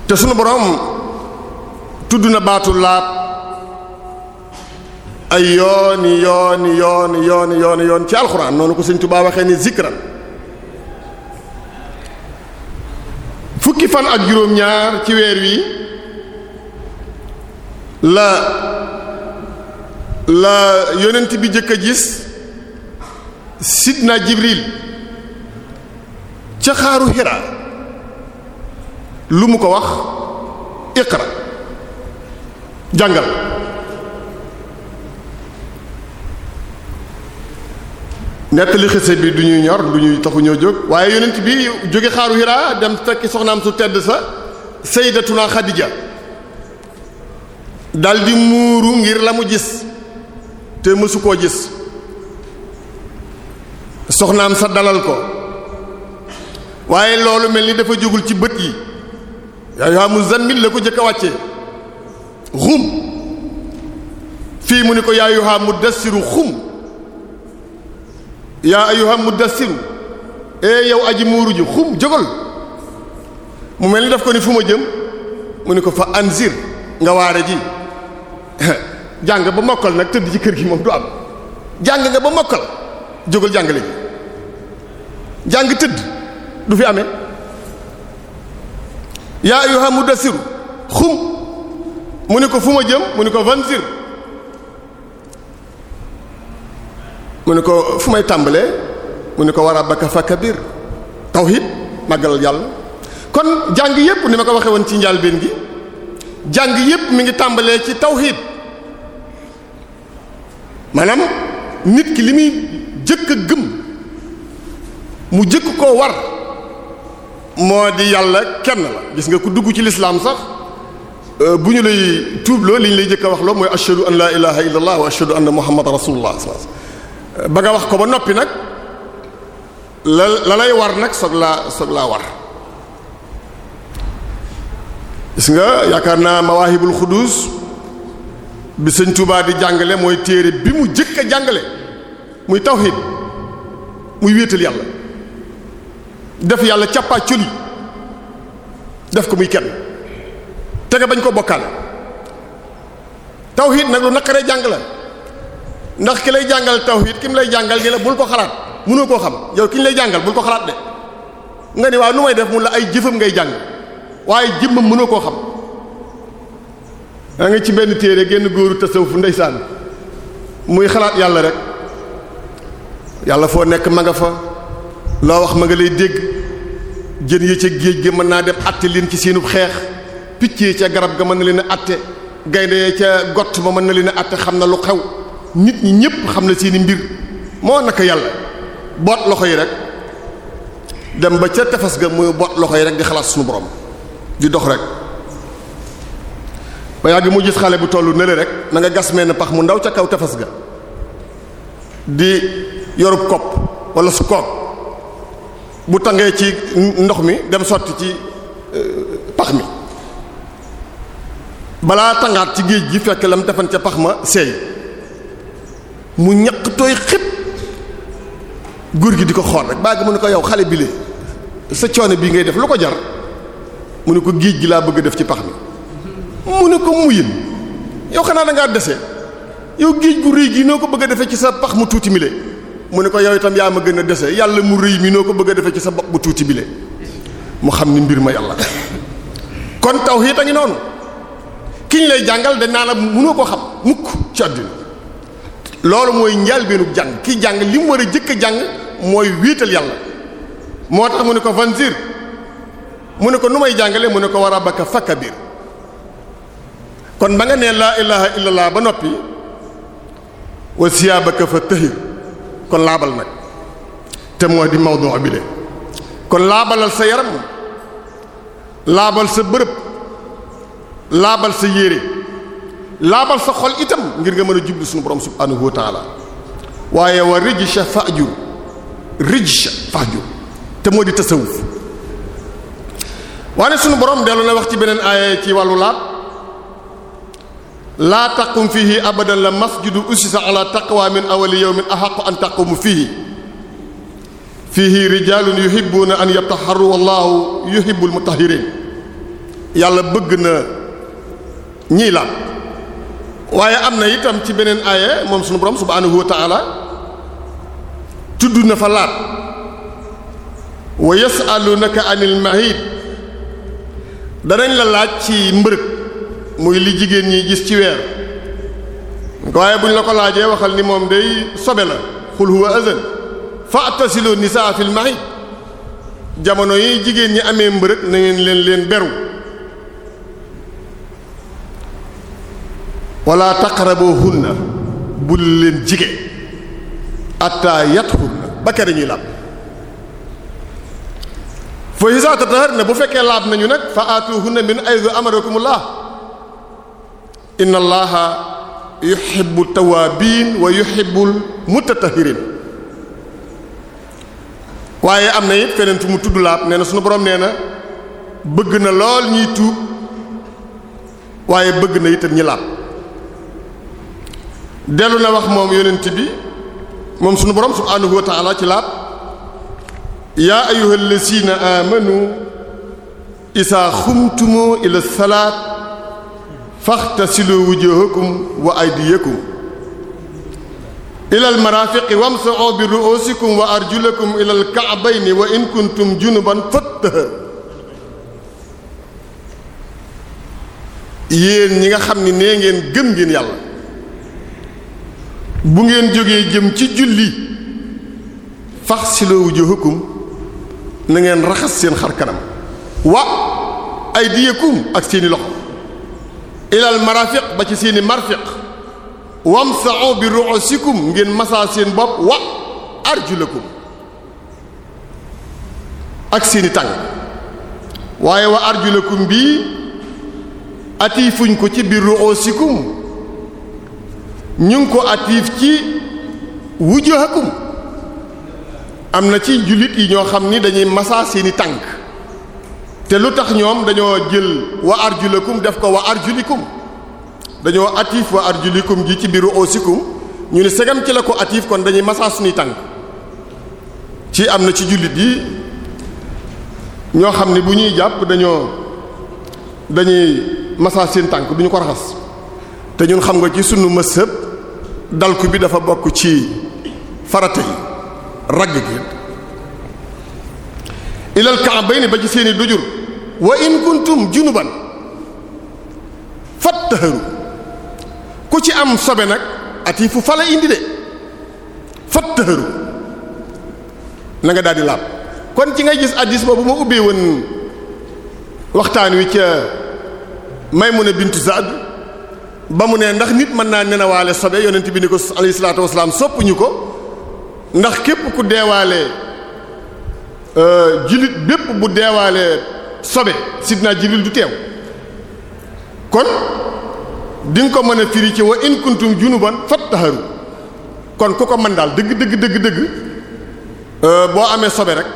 te sunu boroom tudd na baatu laab ay yooni yooni yooni yooni yoon ci alxuraan noonu ko Sëriñ Tuubaa waxee ni zikran fukki fan ak juróom-ñaar ci weer wi la la yonent bi jëkk a gis sidna Jibril ca xaaru Hira lu mu ko wax iqra jàngal nettali xise bi duñuy ñor du ñuy taxu ñoo jóg waaye yonent bi jóge xaaru Hira dem fekki soxnaam su tedd sa sayyidatuna Xadija daldi muuru ngir la mu gis te mësu koo gis soxnaam sa dalal ko waaye loolu mel ni dafa jógul ci bët yi yaa yaa la ko jëkk a wàccee xum fii mu ni ko yaa ayyuha mudassiru xum yaa ayyuha ee yow aji muuru ji xum jógal mu mel ni daf ko ni fu ma jëm mu ni ko fa anzir nga waare ji jàng ba mokkal nag tëdd ci kër gi moom du am jàng nga ba mokkal jógal jàngale ji jàng tëdd du fi amee yaa ayyuha mudassiru xum mu ni ko fu ma jëm mu ni ko vanzir mu ni ko fu may tàmbalee mu ni ko wa rabbaka fakabir tawhid màggalal yàlla kon jàng yépp ni ma ko waxee woon ci njàlbéen gi jàng yépp mi ngi tàmbalee ci tawhid maanaam nit ki li muy jëkk a gëm mu jëkk koo war moo di yàlla kenn la gis nga ku dugg ci lislaam sax euh, bu ñu lay loo li ñu lay jëkk a wax loo mooy ashhadu an laa ilaha illa allah wa ashhadu anna muhammadan rasulullah ba nga wax ko ba noppi nag la la lay war nag soog laa soog laa war gis nga yaakaar naa mawaahibul xuduus bi sëñ Tuubaa di jàngale mooy téere bi mu jëkk a jàngale muy tawhid muy wéetal yàlla def yàlla càppaa coli def ko muy kenn tege bañ ko bokkaale tawhid nag lu naqaree jàng la ndax ki lay jàngal tawhid ki mu lay jàngal ni la bul ko xalaat mënoo koo xam yow ki ñu lay jàngal bul ko xalaat de nga ni waaw nu may def mun la ay jëfam ngay jàng waaye jëmmam mënoo koo xam da nga ci benn téere génn góoru tasawuf ndeysaan muy xalaat yàlla rek yàlla foo nekk ma loo wax ma nga lay dégg jën yi ca géej gi mën naa dem atte leen ci seenub xeex picc yi ca garab ga mën na leen a atte gaynde ya ca gott ba mën na leen a atte xam na lu xew nit ñi ñépp xam na seeni mbir moo naka yàlla boot loxo yi rek dem ba ca tefes ga muy boot loxo yi rek di xalaat suñu borom di dox rek ba yàgg mu gis xale bu tollu nele rek na nga gas meen pax mu ndaw ca kaw tefes ga di yorub kopp wala su bu tangee ci ndox mi dem sotti ci euh, pax mi balaa tangaat ci géej gi fekk lam defan ca pax ma seey mu ñaq tooy xëpp góor gi di ko xool rek baa gi mu ne ko yow xale bi le sa coono bi ngay def lu ko jar mu ne ko géej gi laa bëgg def ci pax mi mu ne ko muyin yow xanaa dangaa dese yow géej gu réy gi noo ko bëgg a defee ci sa pax mu tuuti mi le mu ne ko yow itam yaa ma gën a dese yàlla mu rëy mi noo ko bëgg a ci sa bopp bu tuuti bile mu xam ni mbir ma yàlla kon tawhid a ngi noonu ki ñu lay jàngal dañ naa la mënoo ko xam mukk ci àddina loolu mooy njëlbeenu jàng ki jàng li mu war a jëkk a jàng mooy wiital yàlla moo tax mu ne ko vanzir mu ne ko nu may jàngale mu ne ko war a bakka fakkabir kon ba nga nee laa ilaha illallah ba noppi wa siyaabaka fa tahir kon laabal nag te mooy di mawdu abile kon laabalal sa yaram laabal sa bërëb laabal sa yére laabal sa xol itam ngir nga mën a jublu suñu borom subhanahu wa taala waaye wa rijsha fahjur rijsha fahjur te moo di tasawuf waane suñu borom dellu na wax ci beneen aaya ci wàllu laab laa taqum fii abadan la masjidu ussisa ala taqwa min awali yawmin ahaqu an taqumu fihi fihi rijalun yuhibbuna an yataharu wallahu yuhibbul mutahhirin yàlla bëgg na ñiy laab waaye am na itam ci beneen aaya moom sunu borom subhanahu wa ta'ala tudd na fa laab wa yas'alunaka anil mahid danañ la laaj ci mbërëg muy li jigéen ñi gis ci weer waaye buñ la ko laajee waxal ni moom day sobe la xul huwa azan fa'tasilu nisaa fil mahid jamono yi jigéen ñi amee mbërëg na ngeen leen leen beru wala taqrabuhunna bul leen jige atta yathunna ba kere ñuy làpp fa iza tataharna bu fekkee laab nañu nag fa atuhunna min aydu amarakumullah inna allaha yuhibbu tawaabiin wa yuhibbul mutatahhirin waaye am na it feneen fu mu tudd laab nee na sunu borom nee na bëgg na lool ñiy tuub waaye bëgg na itam ñi laab dellu na wax moom yonent bi moom sunu borom subhaanahu wa ci laab yaa ayyuhal lazina amanu isaa xumtumu ila salaat faxtasilu wujuhakum wa aydiyakum ilal marafiqi wamsahu bi ru'usikum wa arjulakum ilal ka'bayni wa in kuntum junuban fattahharu yéen ñi nga xam ni nee ngeen gëm ngeen yàlla bu ngeen jógee jëm ci julli faxsilu wujuhakum na ngeen raxas seen xar kanam wa aydiyakum ak seeni loxo ilal marafiq ba ci seeni marfiq wamsa'u bi ru'usikum ngeen masaa seen bopp wa arjulakum ak seeni tànk waaye wa arjulakum bii atiifuñ ko ci bi ru'usikum ñu ko atiif ci wujuhakum am na ci jullit yi ñoo xam ni dañuy masaa seeni tànk te lu tax ñoom dañoo jël wa arjulakum def ko wa arjulikum dañoo atif wa arjulikum ji ci biiru osikum ñu ne segam ci la ko atif kon dañuy masaa suñuy tànk ci am na ci jullit yi ñoo xam ne bu ñuy jàpp dañoo dañuy masaa seen tànk du ñu ko raxas te ñun xam nga ci sunu mësëb dalku bi dafa bokk ci farata yi ragg gi ilal ka'bayni ba ci seeni dujur wa in kuntum junuban fattaharu ku ci am sobe nag ati fu fala indi de fattaharu na nga daldi laab kon ci ngay gis addis boobu ma ubbee woon waxtaan wi ca Maymuna bintu Saad ba mu nee ndax nit mën naa nenawaale sobe yonent bi ni ko alayhi salaatu wasalaam soppuñu ko ndax képp ku deewaale euh, jullit bépp bu deewaale sobe sidna jibril du teew kon di ko mën a firi ci wa in kuntum junuban fattaharu kon ku ko mën daal dëgg dëgg dëgg dëgg euh, boo amee sobe rek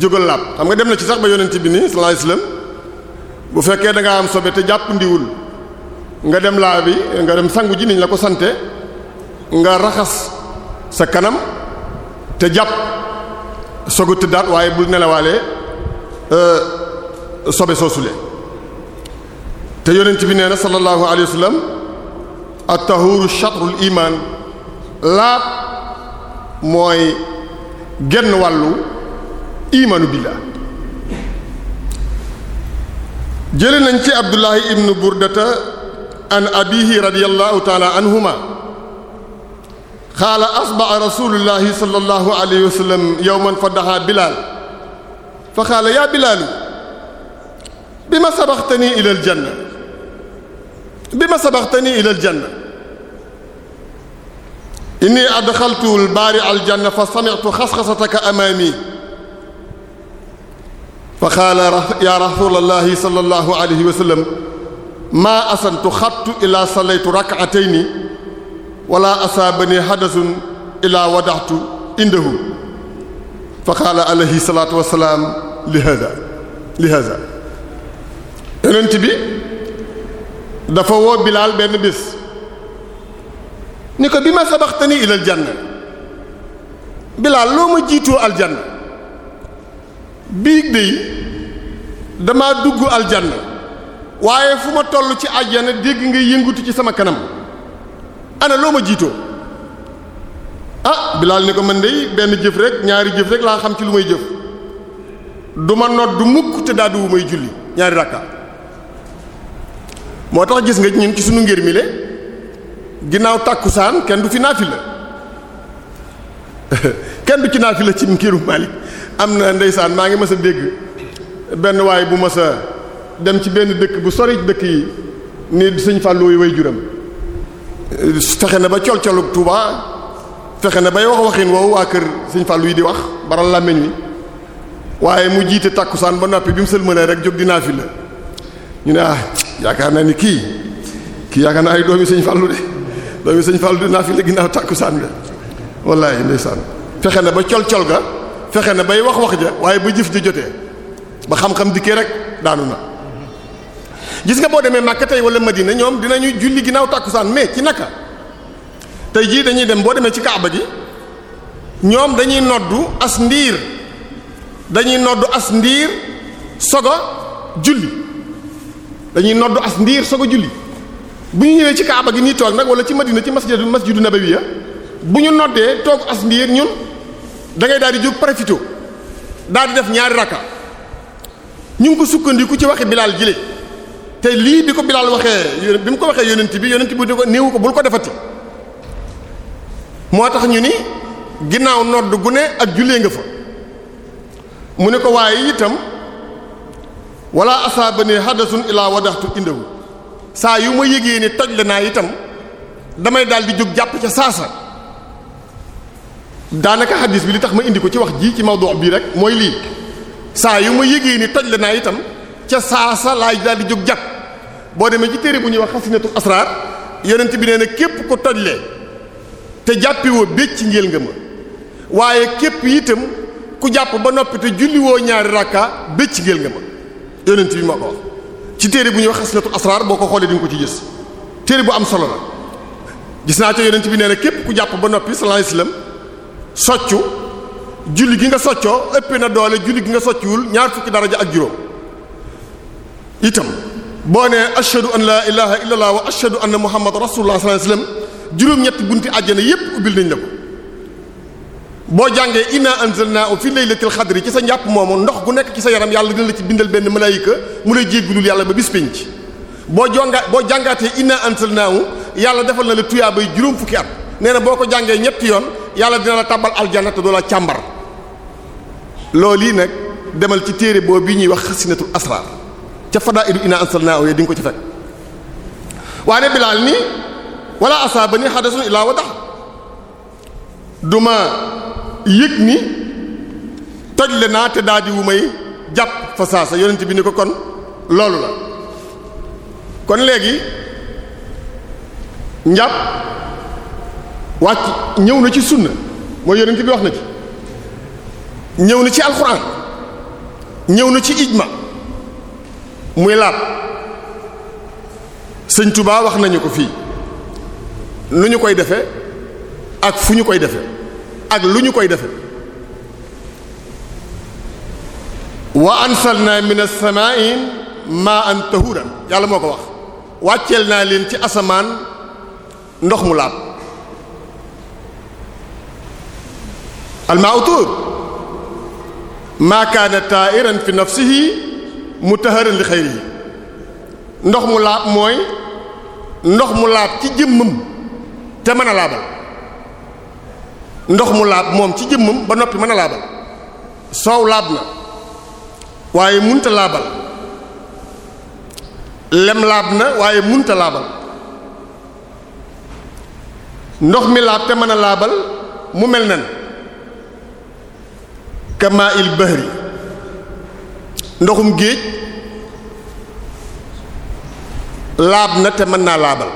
jógal laab xam nga dem na ci sax ba yonent bi nii sallallahu alayhi wasallam bu fekkee da am sobe te jàpp ndiwul nga dem laa bi nga dem sangu ji niñ la ko sante nga raxas sa kanam te jàpp soo ko tëddaat waaye bul nelawalee Euh, sobe soosule te yonent bi nee na sallallahu alayhi wa sallam at-tahuru shatrul iman laab mooy genn wàllu imaanu billah jële nañ ci abdullahi ibnu burdata an abihi radiyallahu taala anhuma qaala asbaha rasulullahi sallallahu alayhi wa sallam yawman fa daxa bilal fa qaala yaa bilaalu bi ma sabaxtanii ilal janna bi ma sabaxtanii ilal janna inni adxaltul baari al janna fa sami'tu xasxasataka amaami fa qaala yaa rasuulallahi sallallahu alayhi wa sallam maa asantu xattu ilaa sallaytu rak'atayni wala asaabani hadasun ilaa wadaxtu indahu fa qaala alayhi salaatu wa salaam lihada lihada bi dafa woo bilaal benn bis ni ko bi ma sabaxtani ilal janna bilaal loo ma jiitoo aljanna biig dey damaa dugg aljanna waaye fu ma toll ci aljanna dégg nga yëngutu ci sama kanam ana loo ma jiitoo ah bilaal ni ko man dey benn jëf rek ñaari jëf rek laa xam ci lu may jëf du ma noot du mukk te daadu may julli ñaari rakka moo tax gis nga ñun ci sunu ngir mi le ginnaaw tàkkusaan kenn du fi naafila kenn du ci naafila ci ngiru Malik am na ndeysaan maa ngi mës a dégg benn waay bu mës dem ci benn dëkk bu sori dëkk yi nii sëñ Fallou way juram fexe na ba col colu Touba fexe na bay wax waxin woowu waa kër suñ Fallou yi di wax baral làmmiñ wi waaye mu jiite tàkkusaan ba noppi bi mu sëlmalee rek jóg dinaa fi la ñu ne ah yaakaar naa ni kii kii yaakaar naa ay doomi sëñ Fallou de doomi sëñ Fallou dinaa fi la ginnaaw tàkkusaan bi wallaahi ndeysaan fexe na ba col-col ga fexe na bay wax wax ja waaye ba jëf ja jotee ba xam-xam dikkee rek daanu na gis nga boo demee Makka tey wala Madina ñoom dinañu julli ginnaaw tàkkusaan mais ci naka tey jii dañuy dem boo demee ci Kaaba gi ñoom dañuy noddu as ndiir dañuy noddu as ndiir sogo julli dañuy noddu as ndiir sogo julli bu ñu ñëwee ci kaaba gi nii toog nag wala ci madina ci masjidu masjidu nabawiya bu ñu noddee toog as ndiir ñun da ngay daal di jóg profité daal di def ñaari rakka ñu ngi ko sukkandiku ci waxi bilaal jile te lii bi ko bilaal waxee bi mu ko waxee yonent bi yonent bi di ko néewu ko bul ko defati moo tax ñu ni ginnaaw nodd gu ne ak jullee nga fa mu ne ko waaye itam ba asaabani hadasun ilaa wadaxtu indawu saa yu ma yëgee ne toj la naa itam damay daal di jóg jàpp ca saasa daanaka hadis bi li tax ma indi ko ci wax ji ci mawdu bii rek mooy lii saa yu ma yëgee ni toj la naa itam ca saasa laay daal di jóg jàpp boo demee ci téere bu ñuy wax xasinatul asraar yonent bi nee na képp ko tojlee te jàppiwoo bécc njël nga ma waaye képp itam ku jàpp ba noppi te woo ñaari rakka bëccëgeel nga ma yonent bi ma ko ci téere bu ñuy wax xasilatu asraar boo ko xoolee di ko ci gis téere bu am solo la gis naa ca yonent bi nee na képp ku jàpp ba noppi sallallahu alayhi wasallam soccu julli gi nga soccoo ëpp na doole julli gi nga soccuwul ñaar fukki ak juróom itam boo nee ashhadu an la ilaha illallah wa ashhadu anna muhammadan rasulullah sallallahu alayhi wasallam juróom-ñetti bunti àjjana yépp ubbil nañ la ko boo jàngee inna anzalnaahu fi laylatil xadri ci sa njàpp moomu ndox gu nekk ci sa yaram yàlla dina la ci bindal benn malaayika mu lay jéggalul yàlla ba bis pénc boo jonga boo jàngaatee inna anzalnaahu yàlla defal na la tuyaabay juróom fukki at nee na boo ko jàngee ñetti yoon yàlla dina la tàbbal aljanna te doo la càmbar loolu yi nag demal ci téere boobu bi ñuy wax xasinatul asrar ca fadaa'ilu inna anzalnaahu ya di nga ko ci fekk waaye bilaal nii wala asaabani hadathun illaa yëg ni toj le naa te daal wu may jàpp fa saasa yonent bi ni ko kon loolu la kon léegi njàpp wàcc ñëw na ci sunna mooy yonent bi wax na ci ñëw na ci alxuraan ñëw na ci ma muy laab sëñ Touba wax nañu ko fii nu ñu koy defe ak fu ñu koy defe ak lu ñu koy defe wa ansalna min as-samaa'i ma'an yàlla moo ko wax wàcceel naa leen ci asamaan ndox mu laab almaa'u tuur maa kaana taa'iran fi nafsihi mutaharan li xayrihi ndox mu laab mooy ndox mu laab ci jëmmam te mën a laabal ndox mu laab moom ci jëmmam ba noppi mën a laabal soow laab na waaye munta laabal lem laab na waaye munta laabal ndox mi laab te mën a laabal mu mel nen kamaa il bahri ndoxum géej laab na te mën naa laabal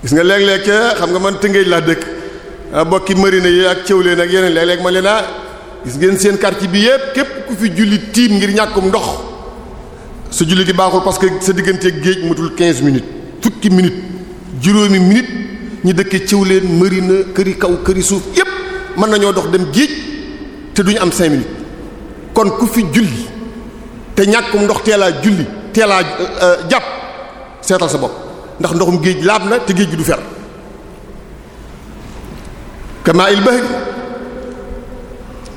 gis nga leeg léeg ca xam nga mën tëngéej laa dëkk Ah, bokki marina yi ak cëwleen ak yeneen léeg-léeg ma leen ah gis ngeen seen quartier bi yépp képp ku fi julli tiim ngir ñàkkum ndox sa julli gi baaxul parce que sa digganteeg géej matul 15 minutes fukki minutes juróomi minutes ñu dëkkee cëwleen marina këri kaw këri suuf yépp mën nañoo dox dem géej te duñu am 5 kon ku fi julli te ñàkkum ndox teelaa julli teelaa euh, jàpp seetal sa bopp ndax ndoxum géej laab la te géej gi du fer kamaa il bahri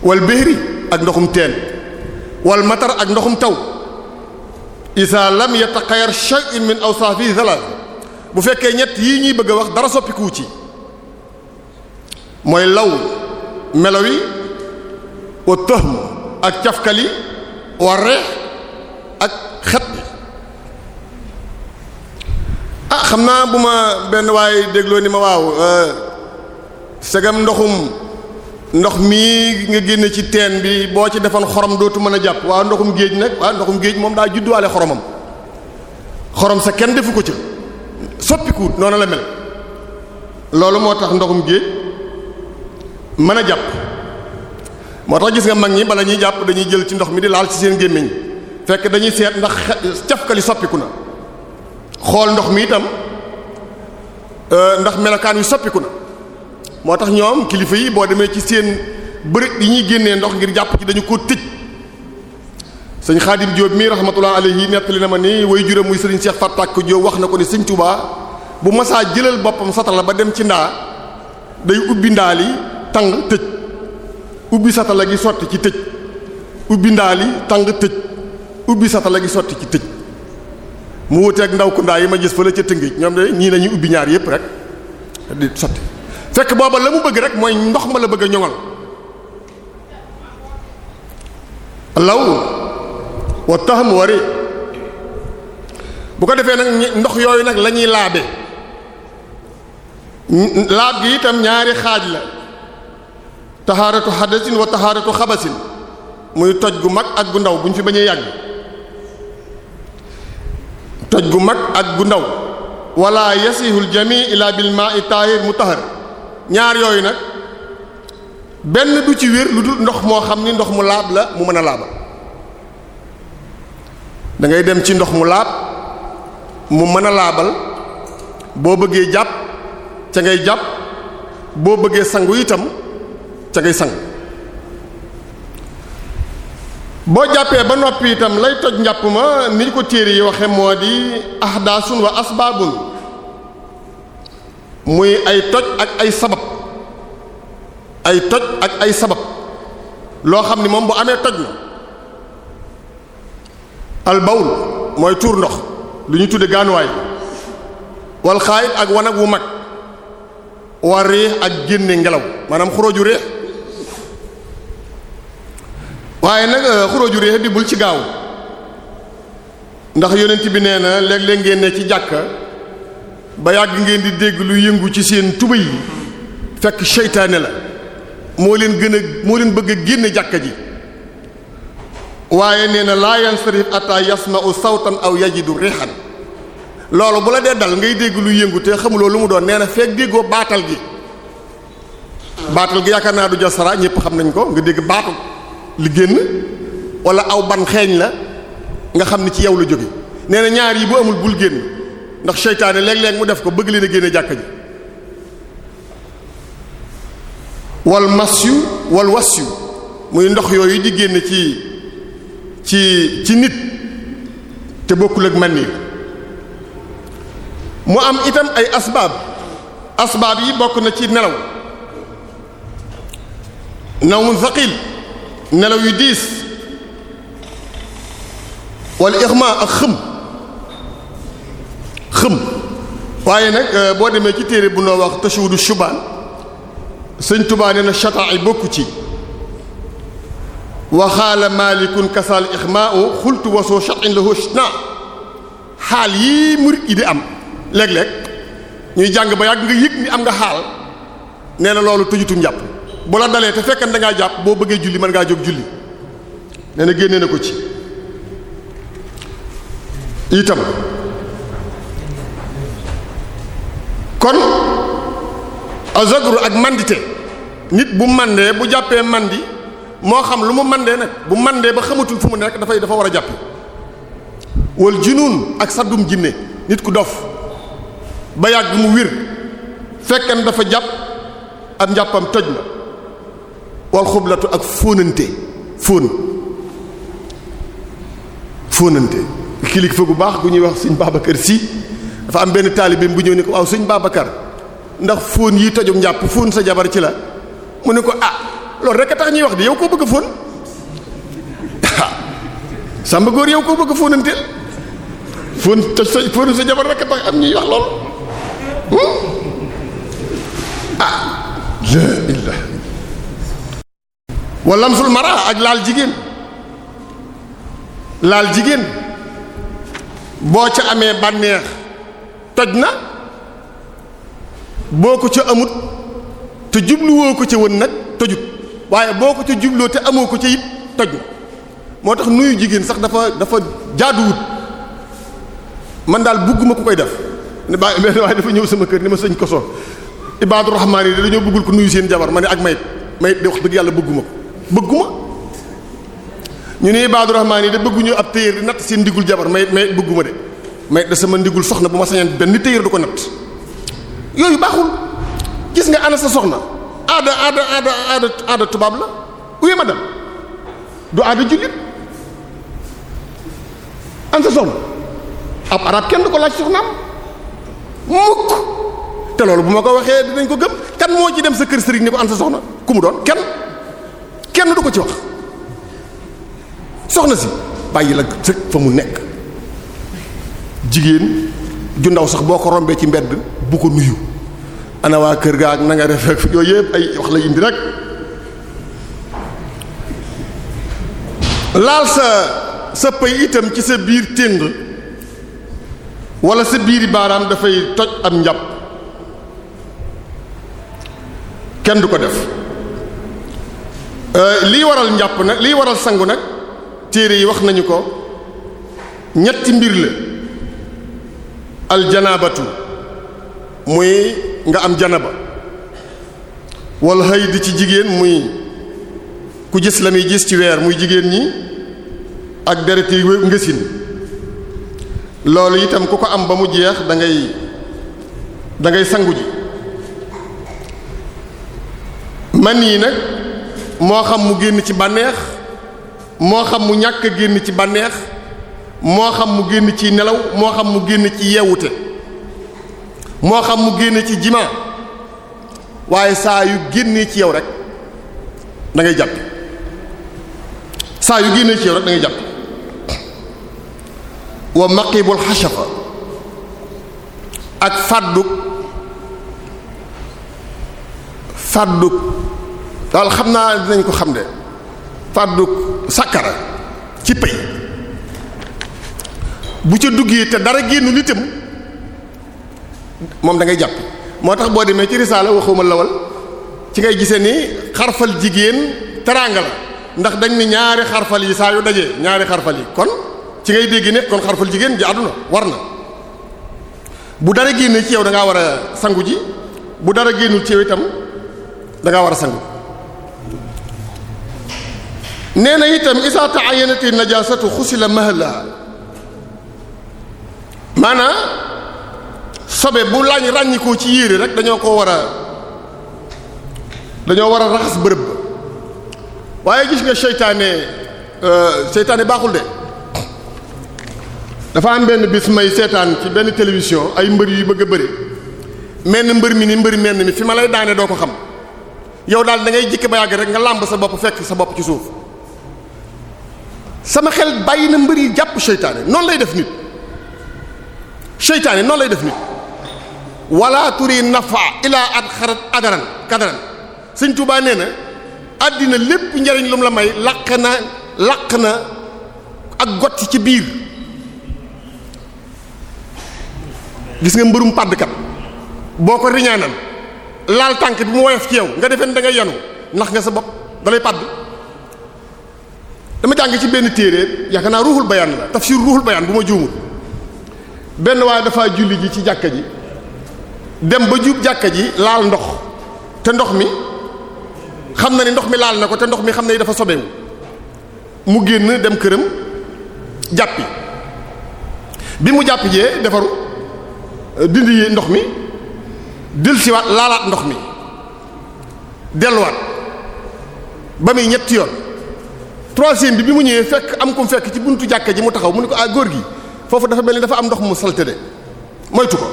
wal bahri ak ndoxum teen wal matar ak ndoxum taw isa lam yataxayar shay'un min awsaafi thalath bu fekkee ñett yi ñuy bëgg a wax dara soppikuwu ci mooy law melo wi wa tëhm ak cafkali wa reex ak xet ah xam naa bu ma benn waaye dégloo ni ma waaw euh, segam ndoxum ndox mii nga génne ci teen bi boo ci defoon xorom dootu mën a jàpp waaw ndoxum géej nag waaw ndoxum géej moom daa judduwaale xoromam xorom sa kenn defu ko ci soppikuut noonu la mel loolu moo tax ndoxum géej mën a jàpp moo tax gis nga mag ñi bala ñuy jàpp dañuy jël ci ndox mi di laal ci seen gémmiñ fekk dañuy seet ndax cafkali soppiku na xool ndox mi itam euh, ndax melokaan wi soppiku na moo tax ñoom kilifa yi boo demee ci seen bërëb yi ñuy génnee ndox ngir jàpp ci dañu ko tëj sëñ Xaadim Diop mi rahmatullah alayhi nettali na ma ni way juram muy sëriñ Cheikh Fatak Diop wax na ko ni sëñ Touba bu masaa jëlal boppam satala ba dem ci ndaa day ubbi li tàng tëj ubbi satala gi sotti ci tëj ubbi li tàng tëj ubbi satala gi sotti ci tëj mu wuteeg ndaw ku ndaa yi ma gis fa la ca tëngëj ñoom de ñii lañuy ubbi ñaar yépp rek fekk booba la mu bëgg rek mooy ndox ma la bëgg a ñoŋal law wa taxam wari bu ko defee nag ndox yooyu nag lañuy ñuy laabe laab gi itam ñaari xaaj la taxaaratu xadasin wa taxaaratu xabasin muy toj gu mag ak gu ndaw bu ñu fi bañee yàgg toj gu mag ak gu ndaw wala yasihul jami ila bil ma'i tahir mutahhar ñaar yooyu nag benn du ci wér lu dul ndox moo xam ni ndox mu laab la mu mën a laabal dangay dem ci ndox mu laab mu mën a laabal boo bëggee jàpp ca ngay jàpp boo bëggee sangu itam ca ngay sangu boo jàppee ba noppi itam lay toj njàpp ma ni ko téere yi waxe moo di ahdaasun wa asbaabun muy ay toj ak ay sabab ay toj ak ay sabab loo xam ni moom bu amee toj na albawl mooy tuur ndox lu ñu tudde gaanuwaay wal ak wanag wu mag wa réex ak génne ngelaw maanaam xuróoju réex waaye nag euh, xuróoju réex di bul ci gaaw ndax yonent bi nee na léeg-léeg ngeen ne ci jàkka ba yàgg ngeen di dégg lu yëngu ci seen tuba yi fekk seytaane la moo leen gën a moo leen bëgg a génne jàkka ji waaye nee na laa yansarif ata yasma'u sawtan aw yajidu rihan loolu bu la dee dal ngay dégg lu yëngu te xamuloo lu mu doon nee na fekk déggoo baatal gi baatal gi yaakaar naa du jasara ñëpp xam nañ ko nga dégg baatu li génn wala aw ban xeeñ la nga xam ni ci yow la jóge nee na ñaar yi bu amul bul génn ndax seytaane léeg-léeg mu def ko bëgg leen génne jàkka ji wal mas yu wal was yu muy ndox yooyu di génn ci ci ci nit te bokkul ak man yi mu am itam ay asbaab asbaab yi bokk na ci nelaw nawmun thaqil nelaw yu diis wal ixma ak xëm xëm waaye nag euh, boo demee ci téere bu noo wax tashudu shubaan sëñ Tuubaa nee na chataa yi bokku ci waxaala malikun kasal ixmaau xultu wasoo chatin lahu na xaal yii murit yi di am léeg-léeg ñuy jàng ba yàgg nga yëg ni am nga xaal nee na loolu tëjutum jàpp boo la dalee te fekkan da ngaa jàpp boo bëggee julli mën ngaa jóg julli nee na génnee na ko ci itam kon azagru ak mandite nit bu mandee bu jàppee mandi moo xam lu mu mandee nag bu mandee ba xamatul fu mu nekk dafay dafa war a jàpp wal jinuun ak saddum jinne nit ku dof ba yàgg mu wir fekkan dafa jàpp am njàppam toj na wal ak fóonante fóon fóonante kilifa gu baax gu ñuy wax Sëriñ kër Si dafa am benn taalibeem bu ñëw ni ko waaw sëñ Babacar ndax fóon yi tojum njàpp fóon sa jabar ci la mu ne ko ah loolu rek a tax ñuy wax di yow koo bëgg fóon sàmba góor yow koo bëgg a fóonanteel fóon toj sa fóon sa jabar rek a tax am ñuy wax lool hmm? ah la illah wala lamsul mara ak laal jigéen laal jigéen boo ca amee bànneex toj na boo ko ca amut te jubluwoo ko ca woon nag tojut waaye boo ko ca jubloo te amoo ko ca it toj na moo tax nuyu jigéen sax dafa dafa jaaduwut man daal bugguma ko koy def ne baa benn waaye dafa ñëw sama kër ma sëñ ko so ibaadu rahmaan yi dañoo bëggul ko nuyu seen jabar ma ne ak mayit mayit de wax dëgg yàlla bëgguma ko bëgguma ñu ne ibaadu rahmaan yi da bëgguñu ab téyeer di natt seen digul jabar mayit mayit bëgguma de may da sama ndigul soxna bu ma sañoon benn téyër du ko natt yooyu baaxul gis nga ana sa soxna aada aada aada aada aada tubaab la oui madame du aada jullit ana sa soxna ab arab kenn du ko laaj soxnaam mukk te loolu bu ma ko waxee da dinañ ko gëm kenn moo ci dem sa kër sëriñ ni ko ana sa soxna ku mu doon kenn kenn du ko ci wax soxna si bàyyi la sëg fa mu nekk jigéen ju ndaw sax boo ko rombee ci mbedd bu ko nuyu ana waa kër ga ak na nga def ak yooyu yëpp ay wax la indi rek laal sa sa pay itam ci sa biir ténd wala sa biiri baaraam dafay toj am njàpp kenn du ko def euh, lii waral njàpp nag lii waral sangu nag téere yi wax nañu ko ñetti mbir la aljanaabatu muy nga am janaba wal hayd ci jigéen muy ku gis la muy gis ci weer muy jigéen ñi ak dereti ngësin loolu itam ku ko am ba mu jeex dangay dangay da sangu ji man yi nag moo xam mu génn ci bànneex moo xam mu ñàkk a génn ci bànneex moo xam mu génn ci nelaw moo xam mu génn ci yeewute moo xam mu génn ci jima waaye saa yu génnee ci yow rekk dangay ngay jàpp saa yu génnee ci yow rek da ngay jàpp wa maqibul xachafa ak fàdduk fàdduk daal xam naa dinañ ko xam ne fàdduk sàkkara ci pay bu ca duggee te dara génnu nitam moom dangay jàpp moo tax boo demee ci risaala waxuma lawal ci ngay gisee ni xarfal jigéen teraanga ndax dañ ni ñaari xarfal yi saa yu dajee ñaari xarfal yi kon ci ngay dégg ne kon xarfal jigéen jaadu na war na bu dara génne ci yow dangaa ngaa war a sangu ji bu dara génnul ci yow itam da ngaa war a sangu nee na itam isa ta'ayyanati najasatu xusila mahala maanaam sobe bu lañ ràññikoo ci yére rek dañoo ko war a dañoo war a raxas bërëb waaye gis nga seytaane euh, seytaane baaxul de dafa am benn bis may seetaan ci benn télévision ay mbër yu bëgg a bëri menn mbër mi ni mbër menn mi fi ma lay daane doo ko xam yow daal da ngay ba yàgg rek nga làmb sa bopp fekk sa bopp ci suuf sama xel bàyyi na mbër yi jàpp seytaane noonu lay def nit seytaane noonu lay def nit wala turi nafa ilaa at xarat adaran kadaran sëñ Tuubaa nee na àddina lépp njariñ lu mu la may laq na laq na ak gotti ci biir gis nga mbërum pàddkat boo ko riñaanal laal tànk bi mu woyof ci yow nga defeen da ngay yanu nax nga sa bopp dalay pàdd dama jàng ci benn téere yaakaar naa ruuxul bayaan la tafsir ruuxul bayaan bu ma juumul benn waaye dafa julli ji ci jàkka ji dem ba jub jàkka ji laal ndox te ndox mi xam na ni ndox mi laal na ko te ndox mi xam na ni dafa sobewu mu génn dem këram jàppi bi mu jàppi jee defaru dindi ndox mi dellusiwaat laalaat ndox mi delluwaat ba muy ñetti yoon troisième bi bi mu ñëwee fekk am ko mu fekk ci buntu jàkka ji mu taxaw mu ne ko ah góor gi foofu dafa mel ni dafa am ndox mu salte de moytu ko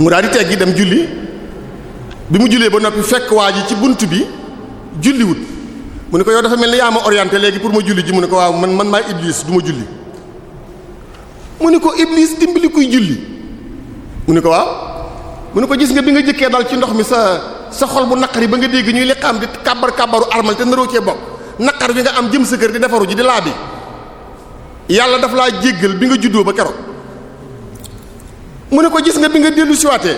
mu daal di teggi dem julli bi mu jullee ba noppi fekk waa ji ci bunt bi julliwut mu ne ko yow dafa mel ni yaa ma orienté léegi pour ma julli ji mu ne ko waaw man man maay iblis du ma julli mu ne ko ibliis dimbali kuy julli mu ne ko waaw mu ne ko gis nga bi nga jëkkee dal ci ndox mi sa sa xol bu naqari ba nga dégg ñuy liqaam di kàbbar kàbbaru armal te naroo cee bokk naqar bi nga am jëm sa kër di defaru ji di laabi yàlla daf laa jéggal bi nga juddoo ba keroog mu ne ko gis nga bi nga dellu siwaatee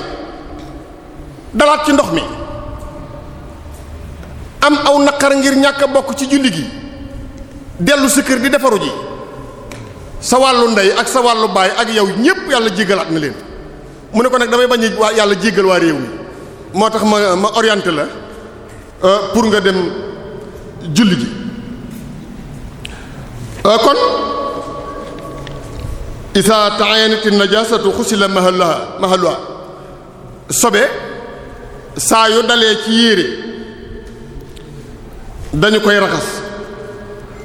dalaat ci ndox mi am aw naqar ngir ñàkk bokk ci julli gi dellu si kër di defaru ji sa wàllu ndey ak sa wàllu baay ak yow ñépp yàlla jéggalaat na leen mu ne ko nag damay bañ a waa yàlla jéggal waa réew mi moo tax ma ma la euh, pour nga dem julli ji euh, kon isaa taayanati najasatu xusila mahaluha mahaluha sobe saa yu dalee ci yére dañu koy raxas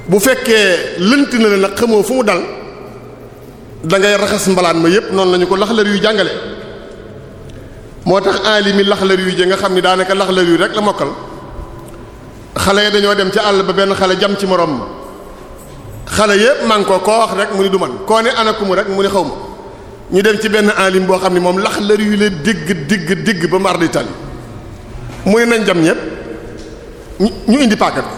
bu fekkee lënt na la nag xamoo fu mu dal dangay raxas mbalaan ma yépp noonu lañu ko laxlar yu jàngale moo tax aalimi laxlar yu ji nga xam ni daanaka laxlar yu rek la mokkal xale yi dañoo dem ci àll ba benn xale jam ci morom ma xale yëpp man ko koo wax rek mu ni du man koo ne anakumu rek mu ni xaw ma ñu dem ci benn alim boo xam ne moom lax lër yu leen digg digg digg ba mar di tali mu ne nañ jam ñëpp ñu indi paaka ko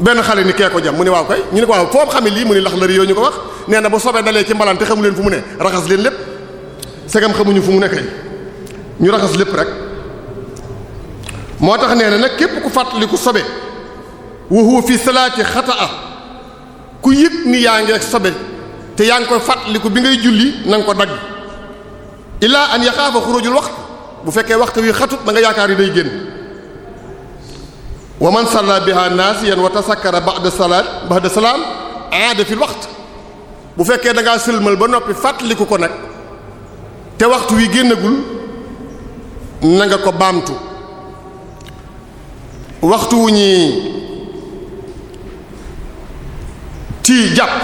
benn xale ni kee ko jam mu ne waaw kay ñu ne ko waaw foo xam ne lii mu ne lax lër yooyu ñu ko wax nee na bu sobee dalee ci mbalante xamu leen fu mu ne raxas leen lépp segam xamuñu fu mu ne kay ñu raxas lépp rek moo tax nee na nag képp ku fàttaliku sobe wa huwa fi ku yëg ni yaa ngi sobe te yaa ngi koy fàttaliku bi ngay julli na ko dagg ilaa an yaxaafa xurujul wax bu fekkee waxtu wi xatut da nga yaakaar yi day génn wa man salla biha naasiyan wa tasakkara ba'da salaat ba'da salaam aada fil waxt bu fekkee dangaa ngaa sëlmal ba noppi fàttaliku ko nag te waxtu wi génnagul na ko baamtu waxtu wu ñi ci jàpp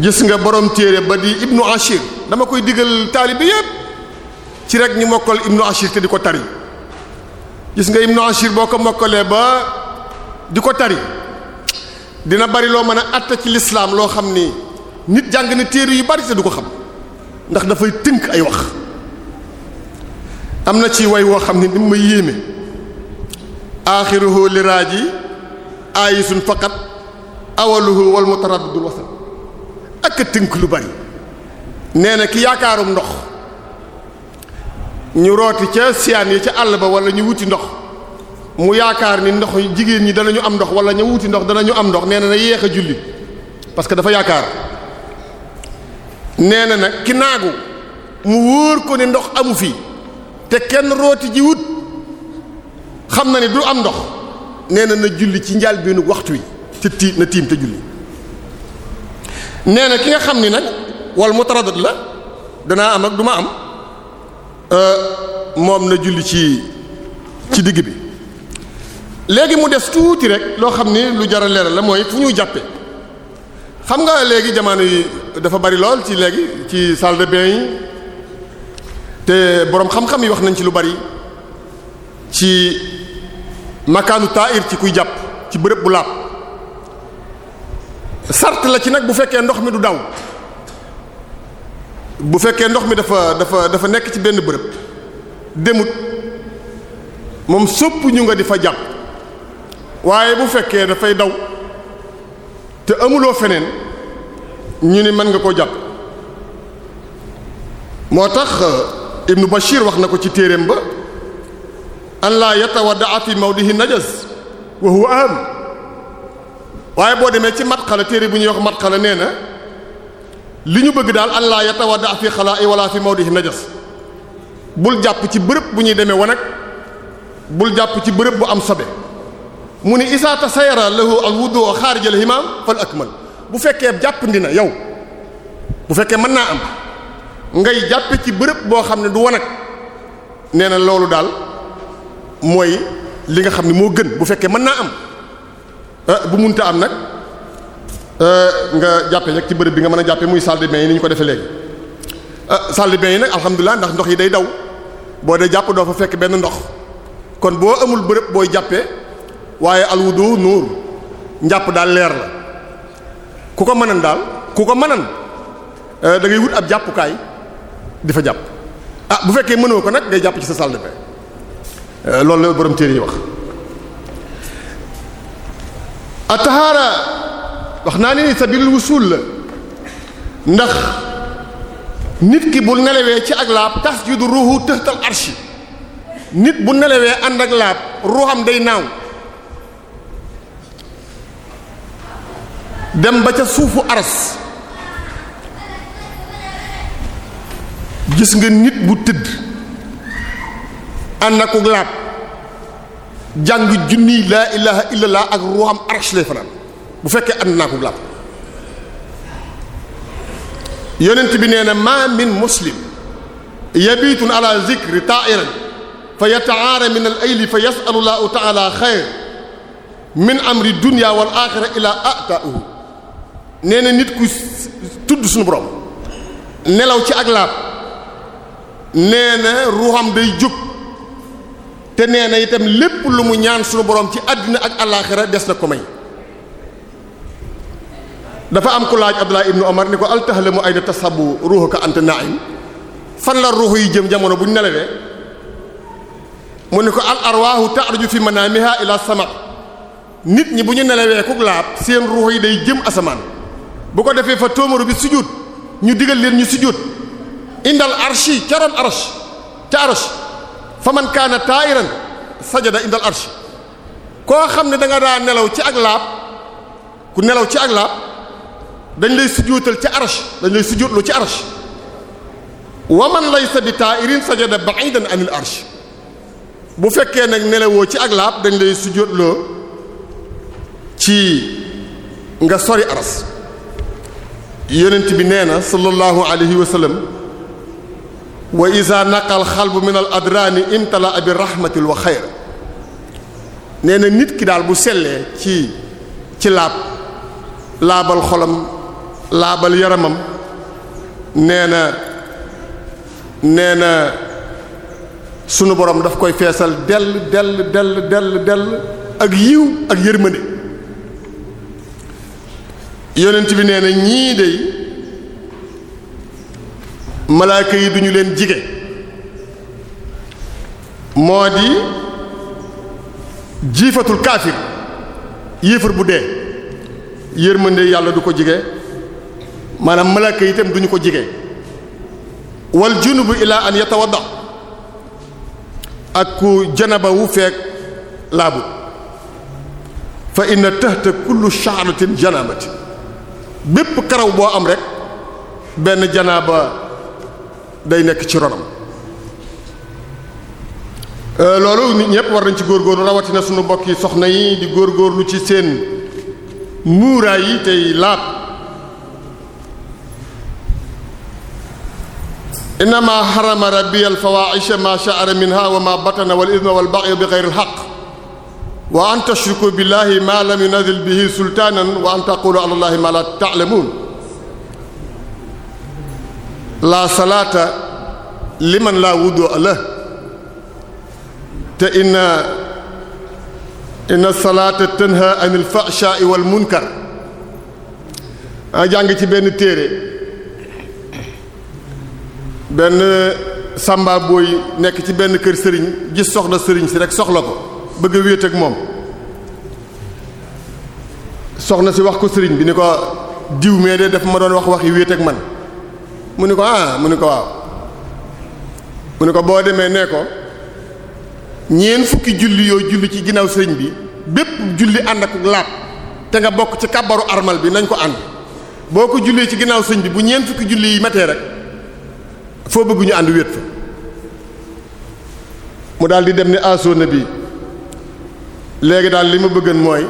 gis nga borom téere ba di ibnu anshir dama koy digal taalibe yépp ci rekk ñu mokkal ibnu ashir te di ko tari gis nga ibnu ashir boo ko mokkalee ba di ko tari dina bari loo mën a àtte ci lislaam loo xam ni nit jàng ne téere yi bari te du ko xam ndax dafay tënk ay wax am na ci way woo xam ne ni ma yéeme aaxiruhu liraaji suñ faqat awaluhu wal mutaraddidul wasal ak a tënk lu bari nee na ki yaakaarum ndox ñu rooti ca siyaan yi ca àll ba wala ñu wuti ndox mu yaakaar ni ndox jigéen ñi danañu am ndox wala ñu wuti ndox danañu am ndox nee na na yeex a julli parce que dafa yaakaar nee na nag ki naagu mu wóor ko ni ndox amu fi te kenn rooti ji wut xam na ni du am ndox nee na na julli ci njaal biinu waxtu wi ci tiim na tiim te julli nee na ki nga xam ni nag wal mutaradat la danaa am ak du ma am euh, moom na julli ci ci digg bi léegi mu des tuuti rek loo xam ni lu jar a leeral la mooy fu ñuy jàppe xam nga léegi jamono yi dafa bari lool ci léegi ci salle de yi te boroom xam-xam yi wax nañ ci lu bari ci makaanu taa'ir ci kuy jàpp ci bërëb bu laab sart la ci nag bu fekkee ndox mi du daw bu fekkee ndox mi dafa dafa dafa nekk ci benn bërëb demut moom sopp nga di fa jàpp waaye bu fekkee dafay daw te amuloo feneen ñu ni mën nga koo jàpp moo tax euh, ibnu bashir wax na ko ci téeréem ba an la yatawaddaa fi mawdihi najas wa huwa aham waaye boo demee ci matxala téere bu ñuy wax matxala nee na li ñu bëgg daal an laa yatawadda fi xalaa'i wala fi na najas bul jàpp ci bërëb bu ñuy demee wanag bul jàpp ci bërëb bu am sobe mu ni isaata sayara lahu al wudu xaarij al himam fal akmal bu fekkee jàppandi na yow bu fekkee mën naa am ngay jàppe ci bërëb boo xam ne du wanag nee na loolu daal mooy li nga xam ne moo gën bu fekkee mën naa am Euh, bu munta am nag euh, nga jàppe rek ci bërëb bi nga mën a jàppe muy salle yi nañu ko defee léegi euh, salle de bain yi nag alhamdulilah ndax ndox yi day daw boo dee jàpp doo fa fekk benn ndox kon boo amul bërëb booy jàppe waaye alwu alwudu nuur njàpp daal leer la ku ko mënan daal ku ko mënan da ngay wut ab jàppukaay di fa jàpp ah bu fekkee mënoo ko nag ngay jàpp ci sa salle de loolu la borom téere yi wax atahaara wax naa ne ni sabilul wusul la ndax nit ki bu nelawee ci ak laab tasjudu ruuhu tahtal arshi nit bu nelawee ànd ak laab ruuxam day naaw dem ba ca suufu aras gis nga nit bu tëdd ànd ak laab jàng junni laa ilaha illallah ak ruuxam arsh bu fekkee ànd naa ko bu laab yonent bi nee na min muslim yabiitun ala zikri ta'iran fa yataara min al fa yasalu llahu taala xayr min amri dunya wal axira ilaa ataahu nee na nit ku tudd suñu borom nelaw ci ak laab nee na day jóg te nee na itam lépp lu mu ñaan suñu borom ci àddina ak alaaxira des na ko may dafa am ku laaj Abdullah ibnu Omar ni ko altahlamu ayna tasabu ruuhuka anta naim fan la ruux yi jëm jamono bu nelawee mu ne ko al arwaahu taxruju fi manaamiha ila sama nit ñi bu ñu nelawee ku laab seen ruux yi day jëm asamaan bu ko defee fa tóomaru bi sujud ñu digal leen ñu sujud indal arshi caroon arsh ca arsh fa man kaana taayiran sajada indal arsh koo xam ne danga nga nelaw ci ak laab ku nelaw ci ak laab dañ lay sujjóotal ci arsh dañ lay sujjóotlu ci arsh wa man laysa bi taayirin sajada ba'idan anil arsh bu fekkee nag nelawoo ci ak laab dañ lay sujjóotloo ci nga sori aras yonent bi nee na sallallahu alayhi wa sallam wa isa naqal xalbu min al adrani imtala abi rahmatil wa xayr nee na nit ki daal bu sellee ci ci laab laabal xolam laabal yaramam nee na nee na sunu boroom daf koy feesal dell dell dell dell dell ak yiw ak yërmande yonent bi nee na ñii de malaaka yi ñu leen jige moo di jiifatul kaafir yéefar bu dee yërmande yàlla du ko jige maanaam malaaka yi itam duñu ko jige wal junubu ilaa an yatawadda ak ku janaba wu feek laabu fa inna tahta kullu sha'ratin janabati bépp karaw boo am rek benn janaaba day nekk ci ronam euh, loolu nit ñëpp war nañ ci góorgóorlu rawatina suñu mbokk yi soxna yi di góorgóorlu ci seen muuraay yi tey laab innama harama rabbi alfawaxisha ma sha'ara minha wa ma batana wal idma wal baxya bi xeyri alxaq wa an tashriku billahi ma lam yunazil bihi sultaanan wa an taqulu ala ma la ta'lamun laa salaata man laa wudu la te inna inna salaata tanha anil fahsha'i wal munkar jàng ci benn téere benn sàmba booy nekk ci benn kër sëriñ gis soxna sëriñ si rek soxla ko bëgg wéet ak moom soxna si wax ko sëriñ bi ni ko diw mee de daf ma doon wax waxi wéet ak man mu ni ko ah mu ni ko waaw mu ni ko boo demee nee ko ñeent fukki julli yoo julli ci ginnaaw sëriñ bi bépp julli ànd ak laab te nga bokk ci kàbbaru armal bi nañ ko ànd boo ko jullee ci ginnaaw sëriñ bi bu ñeen fukki julli yi matee rek foo bëgguñu ñu ànd wéet fa mu daldi dem ni asoo ah, na bi léegi daal li ma bëggan mooy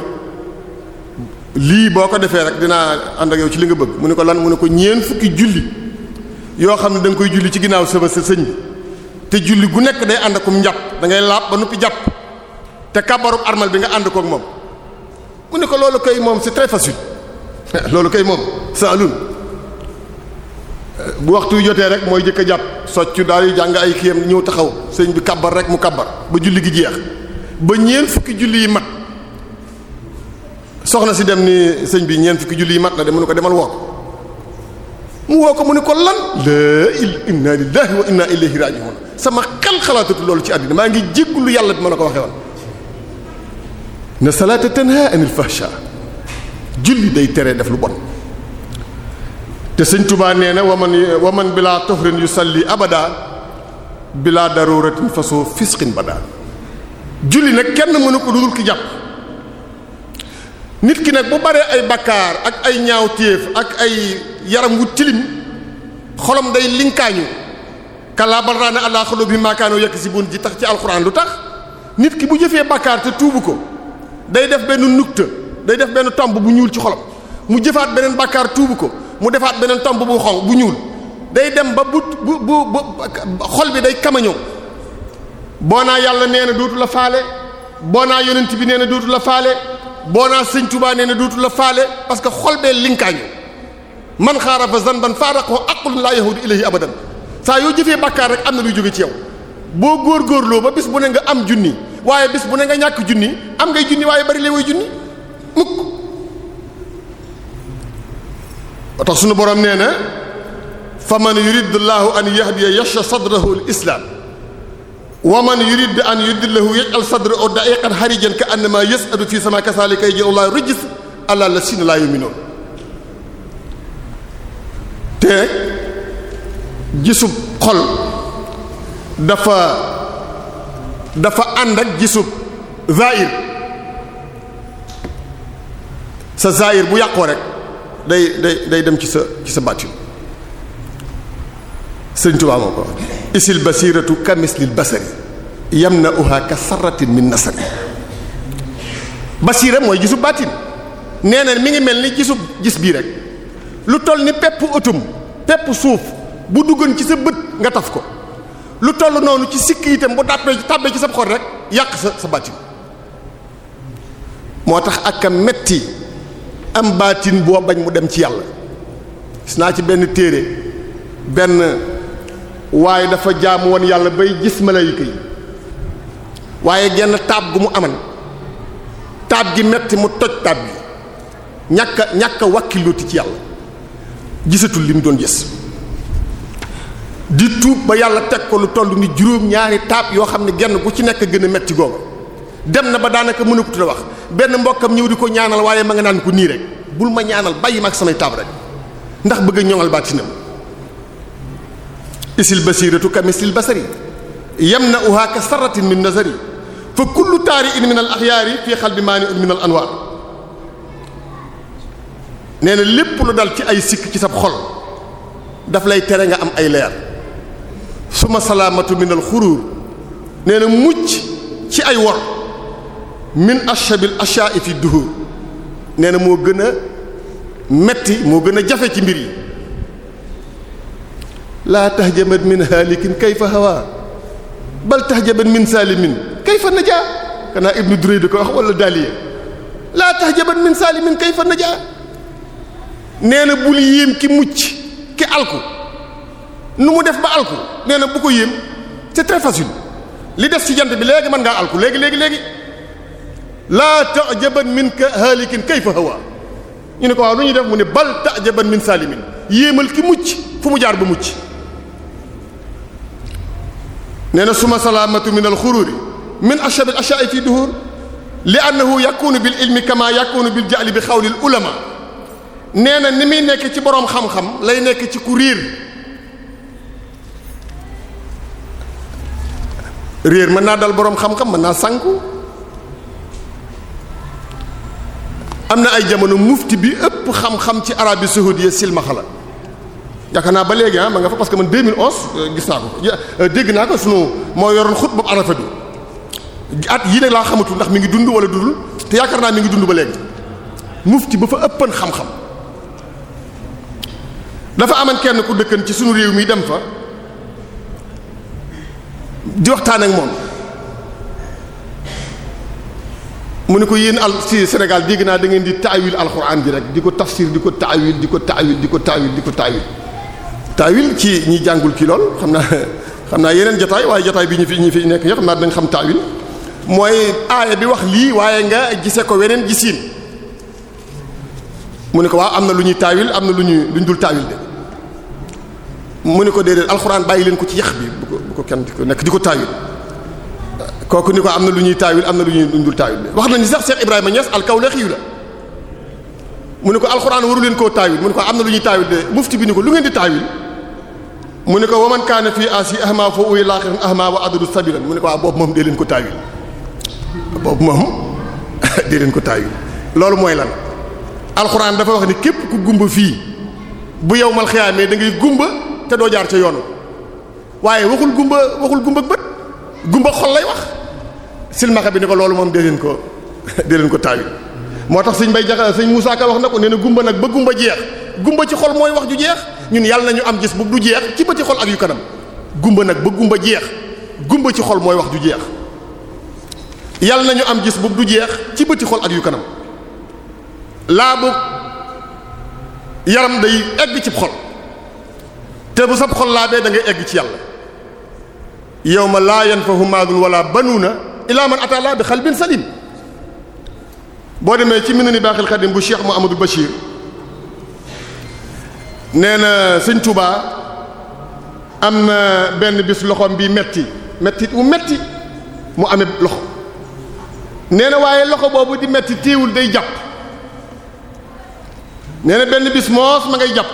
lii boo ko defee rek dinaa ànd ak yow ci li nga bëgg mu ne ko lan mu ne ko ñeent fukki julli yoo xam ne da koy julli ci ginnaaw sëba sa sëñ bi te julli gu nekk day ànd akum njàpp da laab ba noppi jàpp te kabaru armal bi nga ànd kook moom mu ne ko loolu kay moom c'est très loolu kay moom saalun bu waxtu jotee rek mooy jëkk jàpp soccu daal yu jàng ay kiyam ñëw taxaw sëñ bi kabar rek mu kabar ba julli gi jeex ba ñeent fukki julli yi mat soxna si dem ni sëñ bi ñeen fukki julli yi mat la de mënu ko demal woo mu woo ko mu ne ko lan la inna lillahi wa inna ilayhi raji'un sama xel xalaatatu loolu ci àddina maa ngi jéggulu yàlla bi ma la ko waxee woon na salaata tanha anil fahsha julli day tere def lu bon te sëñ Tuubaa nee na waman waman bilaa tofrin yu salli abada bilaa daruratin fasoo fisqin bada julli nag kenn mënu ko dudul ki jàpp nit ki nag bu baree ay bakkaar ak ay ñaaw ñaawteef ak ay yaram wu tilim xolom day linkaañu kallaa bal raana alaa quluubihim maa kaanuu yaksibuun ji tax ci alxuraan lu tax nit ki bu jëfee bakkaar te tuubu ko day def benn nukta day def benn tomb bu ñuul ci xolom mu jëfaat beneen bakkaar tuubu ko mu defaat beneen tomb bu xonq bu ñuul day dem ba bu bu bu xol bi day kamañoo boo naa yàlla nee na dootu la faale boo naa yonent bi nee na dootu la faale boo naa sëñ Tuubaa nee na dootu la faale parce que xol bee linkaañu man xaara fa zanban faaraqahu aqlun laa yahudu ilayhi abadan saa yoo jëfee bàkkaar rek am na luy jóge ci yow boo góor góorgóorloo ba bis bu ne nga am junni waaye bis bu ne nga ñàkk junni am ngay junni waaye bari lee way junni mukk tax sunu borom nee na fa man yuridullahu an yahdiya yasha sadrahu al islam wa man yurid an yudillahu yaj'al sadruhu da'iqan harijan ka annama yas'adu fi sama kasalika yaj'alu llahu rijs ala lasina la yu'minun te gisub xol dafa dafa ànd ak gisub zaahir sa zaahir bu yàqoo rek day day day dem ci sa ci sa bàtin Sëriñ Tuubaa moo ko isil basiratu kamislil basari yam na uha ka sarratin min nasari basira mooy gisu baatin nee na mi ngi mel ni gisu gis bii rek lu toll ni pepp utum pepp suuf bu duggoon ci sa bët nga taf ko lu toll noonu ci sikk itam bu tàbbee tàbbee ci sa xol rek yàq sa sa baatin moo tax ak a metti am baatin boo bañ mu dem ci yàlla gis naa ci benn téere benn waaye dafa jaam woon yàlla bay gis malayka yi waaye genn taab gu mu aman taab gi metti mu toj taab gi ñàkk a ñàkk a ci yàlla gisatul li mu doon gis di tuub ba yàlla teg ko lu toll ni juróom-ñaari taab yoo xam ne genn ku ci nekk gën a metti googu dem na ba daanaka mënu ko tudd wax benn mbokkam ñëw di ko ñaanal waaye ma nga naan ko nii rek bul ma ñaanal bàyyi ma ak samay taab rek ndax bëgg a ñoŋal baatinam isil basiratu kamisil basari yamna'uha na sarratin min nazari fa kullu taari'in min al axyaari fii xalbi maani'un min al anwaar nee na lépp lu dal ci ay sikk ci sab xol daf lay tere nga am ay leer suma salaamatu min xuruur nee na mucc ci ay wor min ashabil ashaa'i fi duhur nee na moo gën a metti moo gën a jafe ci mbir yi laa tahjaban min haalikin kayfa hawa bal tahjaban min saalimin kayfa najaa kanaa ibnu Durayd ko wax wala daaliye laa tahjaban min kay kayfa najaa nee na bul yéem ki mucc ki alku nu mu def ba alku nee na bu ko yéem c'est très facile li def ci jant bi léegi mën ngaa alku léegi léegi léegi laa tajaban min ka kay kayfa hawa ñu ne ko waaw lu ñuy def mu ne bal tajaban min saalimin yéemal ki mucc fu mu jaar ba mucc nee na suma salaamatu min alxururi min ashab al asha'i fi duhur li annahu yakunu bil ilmi kama yakunu bil ja'li bi xawli al ulama nee na ni muy nekk ci boroom xam-xam lay nekk ci ku riir réer mën naa dal boroom xam-xam mën naa sànku am na ay jamono mufti bi ëpp xam-xam ci Arabie saoudienne silmaxa la yaakaar naa ba léegi ah ma nga fa parce que man 2011 euh, gis naa ko euh, dégg naa ko sunu moo yoroon xut boobu arafa bi at yii nag laa xamatul ndax mi ngi dund wala dundul te yaakaar naa mi ngi dund ba léegi mufti ba fa ëppan xam-xam dafa aman kenn ku dëkkan ci sunu réew mi dem fa di waxtaan ak moom mu ne ko yéen al si Sénégal dégg naa da ngeen di taawil alxuraan bi rek di ko tafsir di ko taawil di ko taawil di ko taawil di ko taawil taawil ci ñi jàngul ci lool xam naa xam naa yeneen jotaay waaye jotaay bi ñu fi ñu fi nekk yo xam naa dañ xam taawil mooy aaya bi wax lii waaye nga gise ko weneen gisiin mu ne ko waaw am na lu ñuy taawil am na lu ñuy lu ñu dul taawil de ne ko déedéet alxuraan bàyyi leen ko ci yax ko kenn di ko nekk di ko taawil kooku ni ko am na lu ñuy am na lu ñuy lu ñu dul taawil de wax nañu sax Cheikh Ibrahima Niass alkawlax yu la mu ne ko alxuraan waru leen koo taawil mu ne ko am na lu ñuy taawil de mufti bi ni ko lu ngeen di taawil mu ne ko waman kaane fii asi ahma foo uy laaxiran ahma wa adadu sabilan mu ne ko waa ah, boobu moom dee leen ko taawil boobu moom dee leen ko taawil loolu mooy lan alxuraan dafa wax ni képp ku gumba fii bu yow mal xiyaamee da ngay gumba te doo jaar yoonu waaye waxul gumba waxul gumba bët gumba xol lay wax silmaxa bi ne loolu moom dee leen ko dee leen ko taawil moo tax sëñ bay jaxa sañ Moussa Ka wax na ko nee na gumba nag ba gumba jeex gumba ci xol mooy wax ju jeex ñun yàlla nañu am gis bu du jeex ci bëti xol ak yu kanam gumba nag ba gumba jeex gumba ci xol mooy wax du jeex yàlla na ñu am gis bu du jeex ci bëti xol ak yu kanam laa bu yaram day egg ci xol te bu sab xol laa bee da ngay egg ci yàlla yow ma laa yanfahu maalun wala banuuna illa man ataa laa bi xalbin salim boo demee ci minu ni baaxil xadim bu Cheikh Mouhamadou Bachir nee na sëñ am na benn bis loxoom bi metti metti mu metti mu amee loxo nee na waaye loxo boobu di metti téewul day jàpp nee na benn bis moos ma ngay jàpp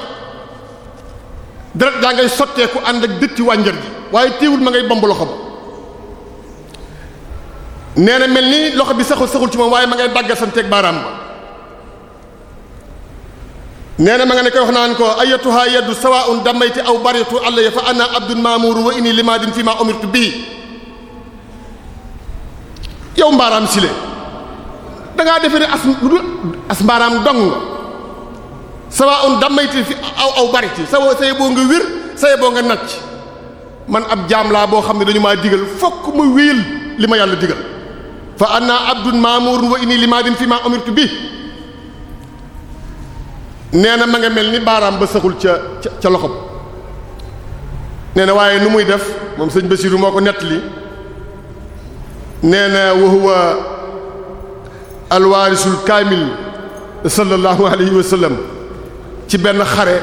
deret daa ngay sotteeku ànd ak dëkk ci wànjar gi waaye téewul ma ngay bomb loxo ba nee na mel ni loxo bi saxul saxul ci moom waaye ma ngay dàggasanteeg baaraam ba nee na ma nga ne koy wax naan ko ayatuha yaddu sawaun damaytu aw baritu allah fa ana abdun maamurun wa inni limaadin fi ma umirtu bii yow mbaaraam sile da ngaa defee ne as as mbaaraam dong nga sawaun damaytu fi aw aw bariti sa say boo nga wér say boo nga nacc man ab jaam laa boo xam ne dañu maa digal fokk mu wéyal li ma yàlla digal fa ana abdun maamurun wa inni limaadin fi ma umirtu bii nee na ma nga mel ni baaraam ba saxul ca ca ca loxob nee na waaye nu muy def moom sëñ Basiru moo ko nettali nee na wa huwa alwaarisul kaamil sallallahu alayhi wa ci benn xare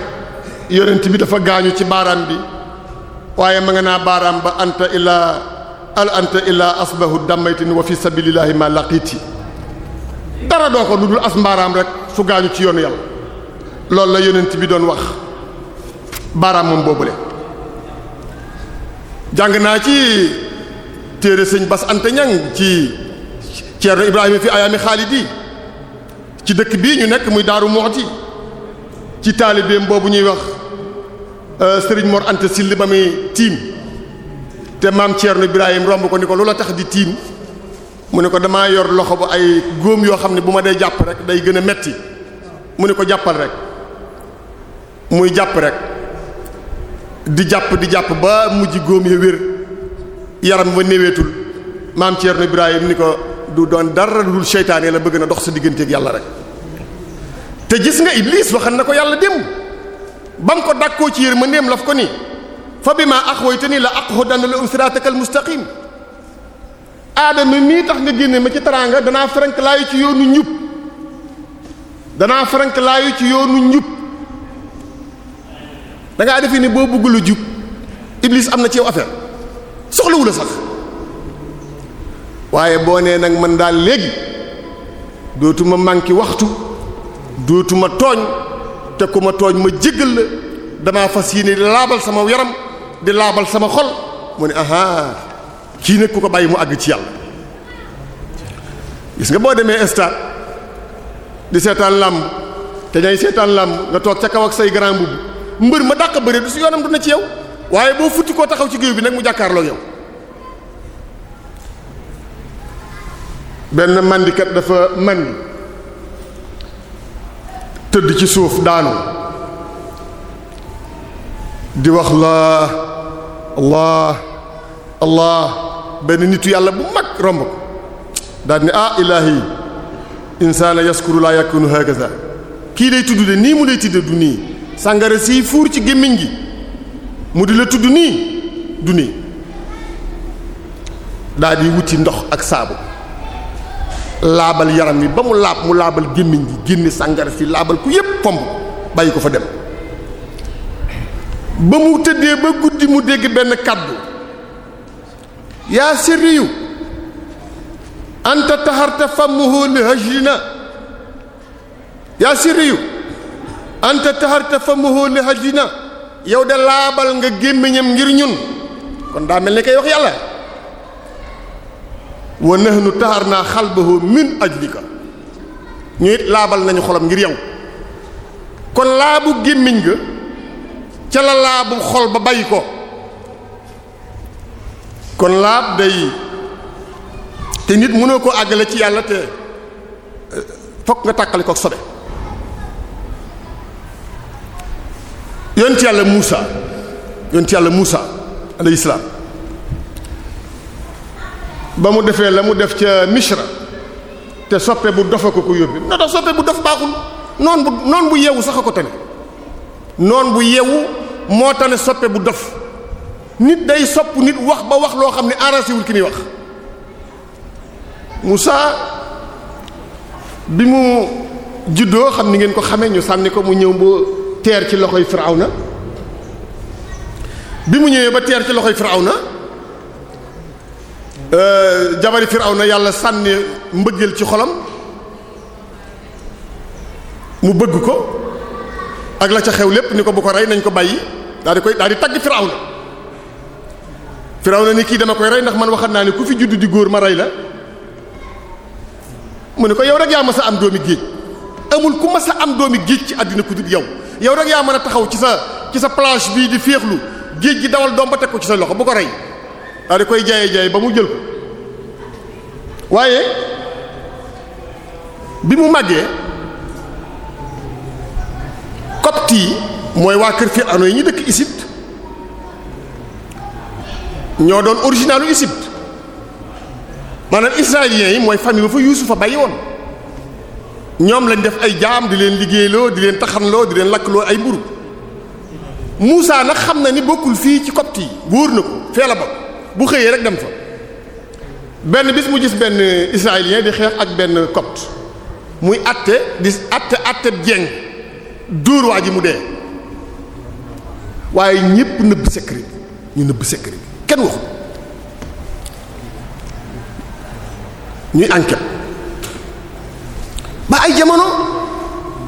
yonent bi dafa gaañu ci baaraam bi waaye ma nga naa baaraam ba anta illaa al anta illaa asbahu dammaytin wa fi sabilillahi ma laqiti dara doo ko lu dul as mbaaraam rek su gaañu ci yoon yàlla loolu la yonent bi doon wax boobu boobule jàng naa ci téere sëñ Bas ante Ñang ci Ceerno Ibrahima fi ayaami xaalidi ci dëkk bii ñu nekk muy Daaru Muxti ci taalibeem boobu ñuy wax euh, sëriñ Mor ante Sill ba muy tiim te maam Ceerno Ibrahima romb ko ni ko loola tax di tiim mu ne ko damaa yor loxo bu ay góom yoo xam ne bu ma dee jàpp rek day gën a metti mu ne ko jàppal rek muy jàpp rek di jàpp di jàpp ba mujj góom ya wér yaram ba néweetul maam Thierno Ibrahim ni ko du doon dara dul seytaane la bëgg na dox sa digganteeg yàlla rek te gis nga Iblis waxan na ko yàlla démb ba mu ko koo ci yër ma ndéem laf ko ni fa bi ma axwaytani la aqudanna lahum siratakal mustaqim aadama mii tax nga génne ma ci teraanga danaa frank laayu ci yoonu njub danaa frank ci yoonu njub dangaa ngaa defe ni boo bëgg lu jub iblis am na ci yow soxlawul soxlawu sax waaye boo nee nag man daal léegi dootuma manqué waxtu dootuma tooñ te ku ma tooñ ma jéggal la damaa fas yéene di laabal sama yaram di laabal sama xol mu ne aha kii nag ku ko bàyyi mu àgg ci yàlla gis nga boo demee stade di seetaan làmb te ñay seetaan làmb nga toog ca kaw ak say grand mbubb mbër ma dàq bëre du si yoonam du na ci yow waaye boo futti koo taxaw ci géew bi nag mu jàkkaarloo yow benn mandikat dafa mandi tëdd ci suuf daanu di wax laa allah allah benn nitu yàlla bu mag romb ko daal ne ah ilaahi insaana yaskuru laa yakunu hakaza kii lay tudd de nii mu lay tudde nii sàngara sii fuur ci gémmiñ gi mu di la tudd nii du nii daa di wuti ndox ak saabu laabal yaram wi ba mu laab mu laabal gémmiñ gi génne sàngara si laabal ku yépp fomb bàyyi ko fa dem ba mu tëddee ba guddi mu dégg benn kàddu yaa sirriyu anta taxarta fammuhu li hajrina yaa sirriyu anta taharta famuhu li hajina yow de laabal nga gémmiñam ngir ñun kon daa mel ni kay wax yàlla wa nahnu taharna xalbahu min ajlika ñu it laabal nañu xolam ngir yow kon laabu gémmiñ ga ca la laabu xol ba bàyyi ko kon laab day te nit mënoo ko àggale ci yàlla te eh, fokk nga tàqali ko sobe yonent yàlla Muusa yonent yàlla Muusa alayhi salaam ba mu defee la mu def ca Misra te soppe bu dofa ko ko yóbbi na tax soppe bu dof baaxul noon bu noon bu yeewu sax a ko tane noon bu yeewu moo tane soppe bu dof nit day sopp nit wax ba wax loo xam ne arrangéwul ki muy wax Muusa bi mu juddoo xam ni ngeen ko xamee ñu sànni ko mu ñëw ba teer ci loxoy Firawna bi mu ñëwee ba teer ci loxoy Firawna euh, jabari Firawna yàlla sànni mbëggeel ci xolam mu bëgg ko ak la ca xew lépp ni ko bu ko rey nañ ko bàyyi daal di koy daal di tagg Firawna Firawna ni kii dama koy rey ndax man waxat naa ne ku fi juddu di góor ma rey la mu ne ko yow rek yaa mës a am doomi géej amul ku mës am doomi géej ci àddina ku dul yow yow rek yaa mën a taxaw ci sa ci sa plage bii di féexlu géej gi dawal doom ba teg ko ci sa loxo bu ko rey daal di koy jaayee jaaye ba mu jël ko waaye bi mu màggee copte yi mooy waa kër Firawna yi ñu dëkk Égypte ñoo doon originalu Égypte maanaam israéliens yi mooy famille ba fa Yuusufa bàyyi woon ñoom lañ def ay jaam di leen liggéeyloo di leen taxanloo di leen lakkloo ay mburu muusa nag xam na ni bokkul fii ci copte yi wóor na ko feela ba bu xëyee rek dem fa benn bis mu gis benn israélien di xeex ak benn copte muy atte di atte atte jeng dóor waa ji mu dee waaye ñépp nëbb secret ñu nëbb secret kenn waxu ñuy enquête ba ay jamono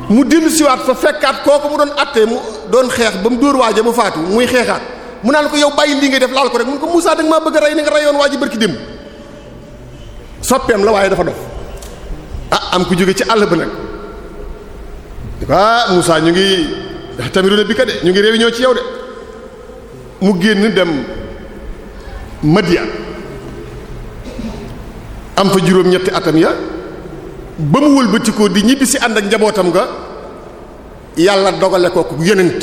mu dellu siwaat fa fekkaat kooku mu doon attee mu doon xeex ba mu dóor waaja mu faatu muy xeexaat mu naan ko yow bàyyi lii ngay def laal ko rek mun ko Moussa da nga maa bëgg a rey ni nga reyoon waa ji bërki démb soppeem la waaye dafa dof ah am ku jóge ci àll ba nag ah Moussa ñu ngi tamit na bi ka de ñu ngi réunion ci yow de mu génn dem Madian am fa juróom-ñetti atam ya ba mu wëlbatikoo di ñibbi si ànd ak njabootam nga yàlla dogale ko ku yonent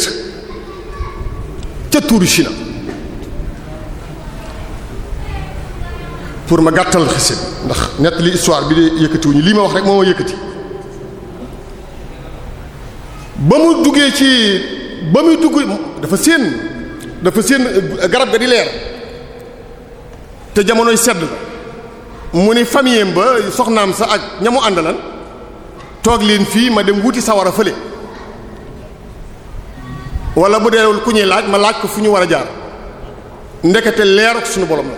ca tuuru Chine pour ma gàttal xisin ndax nett li histoire bi de yëkkatiwuñu lii ma wax rek moo ma yëkkati ba mu duggee ci ba muy dugg dafa séen dafa séen garab ga di leer te jamonoy sedd la mu ni famille ba soxnaam sa ak ñamu àndalan toog leen fii ma dem wuti sawara fële walla bu deewul ku ñuy laaj ma laaj ko fu ñu war a jaar ndekete leeru suñu borom la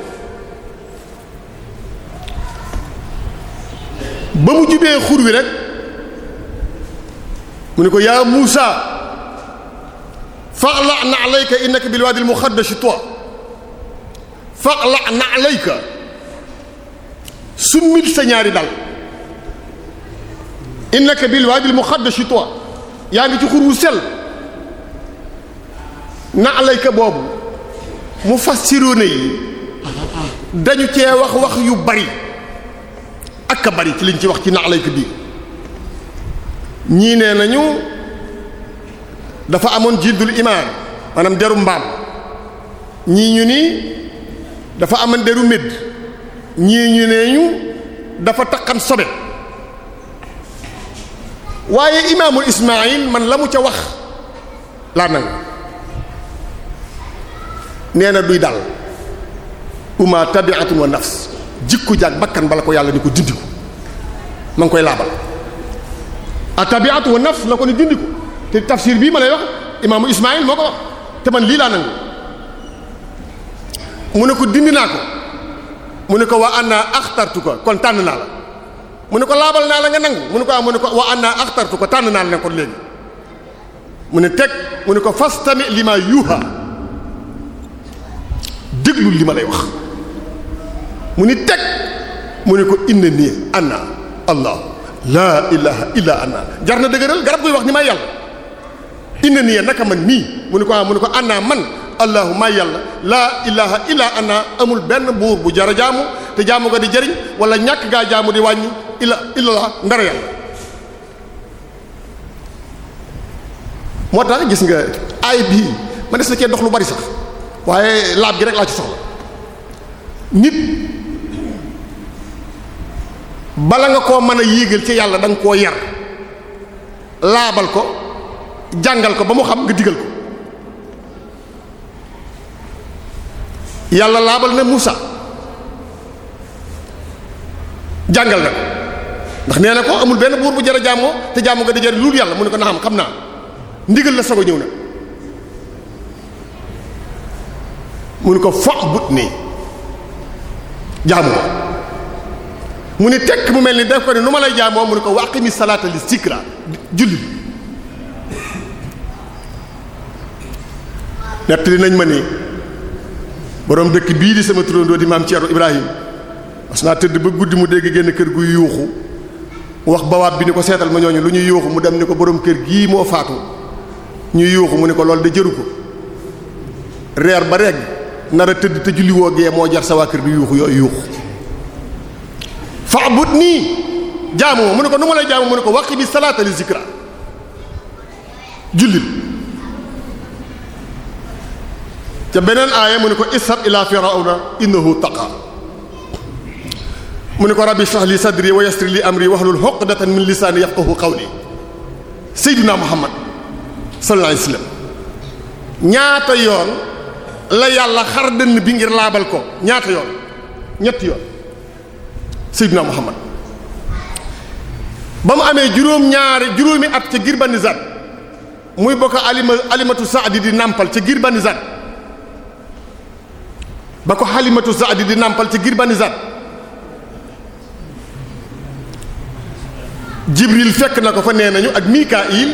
ba mu jubee xur wi rek mu ne ko yaa Muusa fa'la' na'layka innaka bil wadi al muqaddas tuwa fa'la' na'layka summil sa ñaari dal innaka bil waadil muqaddas toi yaa ngi ci xur wu sel na alayka boobu mu fas fassiroona yi dañu cee wax wax yu bari ak a bari ci liñ ci wax ci na alayka bii ñii nee nañu dafa amoon jiddul imaan maanaam deru mbaam ñii ñu ni dafa amoon deru médd ñii ñu nee ñu dafa taqan sobe waaye imaamul Ismaayil man la mu ca wax laa nangu nee na duy dal uma tabi'atun wa nafs jikko jaag bakkan bala ko yàlla ni ko dindiku ma ngi koy laabal a tabi'atu wa nafs la ko ni dindiku te tafsir bii ma lay wax imaamu Ismaayil moo ko te man lii laa nangu mu ne ko dindi naa ko mu ne ko wa anna axtartu ko kon tànn naa la mu ne ko laabal naa la nga nangu mu ne ko ah mu ne ko wa anna axtartu ko tànn naa la kon léegi mu ne teg mu ne ko fastami li ma yuuxa déglu li ma lay wax mu ni teg mu ne ko inna nii anna allah laa ilaha illa anna jar na dëgëral garab buy wax ni may yàll inna nii naka man mii mu ne ko ah mu ne ko annaa man allahuma yàlla laa ilaha illaa anna amul benn buur bu jara jaamu te jaamu nga di jëriñ wala ñàkk gaa jaamu di wàññi illa illala ndara yàlla moo tax gis nga ay bii ma des na cee ndox lu bari sax waaye laab gi rek laa ci soxla nit bala nga koo mën a yéegal ci yàlla danga koo yar laabal ko jàngal ko ba mu xam nga digal ko yàlla laabal na Muusa jàngal na ndax nee na ko amul benn buur bu jar a jaamoo te jaamu nga di jar luul yàlla mu ne ko naxam xam naa ndigal la sago ñëw na mu ne ko fa but nii jaamu ko mu ni tekk mu mel ni def ko ne nu ma lay jaamoo mu ne ko waqimi salaata li sikra julli nettali nañ ma ni boroom dëkk bii di sama turandoo di maam Thierno Ibrahim mas naa tëdd ba guddi mu dégg génn kër guy yuuxu wax bawaab bi ni ko seetal ma ñooñu lu ñuy yuuxu mu dem ni ko boroom kër gii moo faatu ñuy yuuxu mu ni ko loolu de jëru ko reer ba regg nar a tëdd te julliwoo gee moo jar sa waa kër di yuuxu yooyu yuuxu fa'bud nii jaamu mu ne ko nu ma lay jaamu mu ne ko waqi bi salaatali zikra jullil te beneen aaya mu ne ko ishab ila firawna innahu taqa mu ne ko rabbi shrah li sadri wa yassir li amri wahlul uqdatan min lisani yafqahu qawli sayyidina muhammad sallallahu alayhi wasallam yoon la yàlla xar dënn bi ngir laabal ko ñaata yoon ñetti yoon sayyidina muhammad ba mu amee juróom ñaari juróomi at ca Girbanizad muy bokk alima alimatu saadi di nàmpal ca Girbanizad ba ko xalimatu Saadi di nàmpal ci Girbanizad Jibril fekk na ko fa nee nañu ak Mikaayil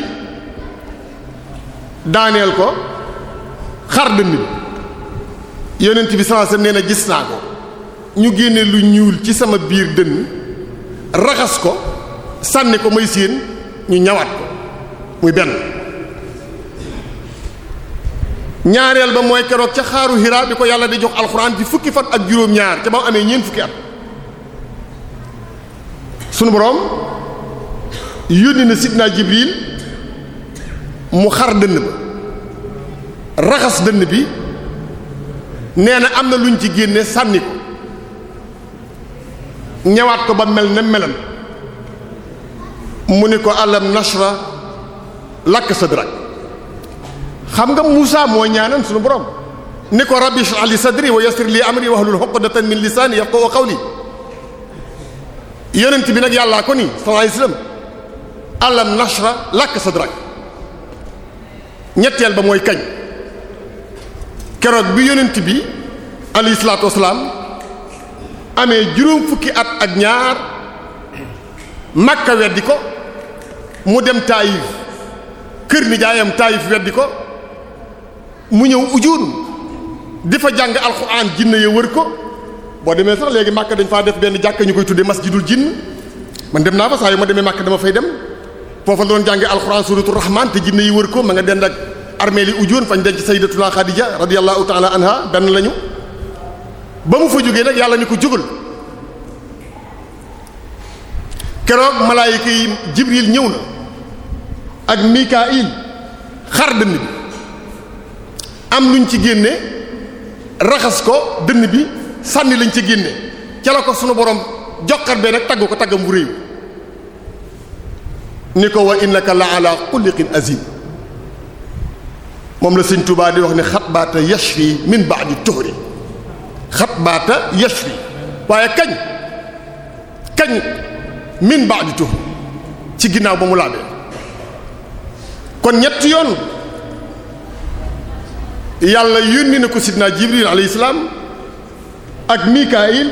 daaneel ko xar dënd bi yonent bi sallallahu alayhi wasallam na gis naa ko ñu génne lu ñuul ci sama biir dënn raxas ko sànni ko may ñu ñawaat ko muy benn ñaareel ba mooy keroog ca xaaru Hira bi ko yàlla di jox alxuraan ci fukki fan ak juróom-ñaar ca ba mu amee ñeent fukki at sunu boroom yónni na sidna Jibril mu xar dënn ba raxas dënn bi nee na am na luñ ci génne sànni ko ñëwaat ko ba mel na melam mu ni ko alam nashra sa sadrak xam nga Moussa mooy ñaanoon sunu borom ni ko rabbi shrah li sadri wa yassir li amri wahlul uqdatan min xaw yafqahu qawli yonent bi nag yàllaa ko nii sallallahu alayhi wasallam alam nashra lak sadrak ñetteel ba mooy kañ keroog bi yonent bi alayhi salaatu wasalaam amee juróom fukki at ak ñaar Makka weddi ko mu dem Taayif kër nijaayam Taayif weddi ko mu ñëw ujuun di fa jàng alxuraan jinne ya wër ko boo demee sax léegi màkk dañ faa def benn jàkk ñu koy tuddee masjidul jinn man dem naa fa saa yu ma demee màkk dama fay dem foofa la doon jàngee alxuraan suratu rahman te jinne yi wër ko ma nga dend ak armeel yi ujoon fañ denc sayyidatuna Xadija radiyallahu ta'ala anha benn lañu ba mu fa jógee nag yàlla ni ko jógal keroog malaayika yi jibril ñëw ak mikail xar dënn am luñ ci génne raxas ko dënn bi sànni lañ ci génne ca la ko sunu borom joxar bee nag tagg ko taggam bu réew ni ko wa innaka la ala xulliqin azim moom la sëñ Tuubaa di wax ni xatbaata yashfi min ba'di tuhri xatbaata yashfi waaye kañ kañ min ba'di tuhri ci ginnaaw ba mu laabee kon ñett yoon yàlla yónni na ko sidna jibril alayhi salaam ak mikaayil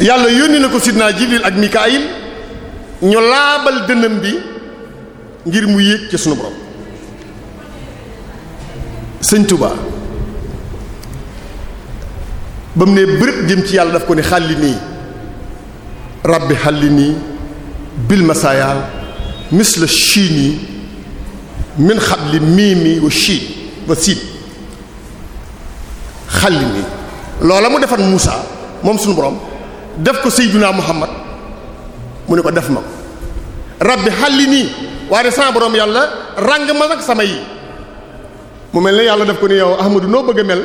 yàlla yónni na ko sidna jibril ak mikaayil ñu laabal dënnam bi ngir mu yéeg ci sunu borom sëñ Tuba ba mu ne bërëb jëm ci yàlla daf ko ne xàlli nii rabbi xàlli nii bil masaaya misla chiini min xadli miimi wa chiin wa siin xalli ni loola mu defan Muusa moom suñu borom def ko Seydina Muhammad mu ne ko def ma ko rabbi xalli nii waaye sama borom yàlla ràng ma nag sama yi mu mel ne yàlla def ko ni yow Ahmadu noo bëgg mel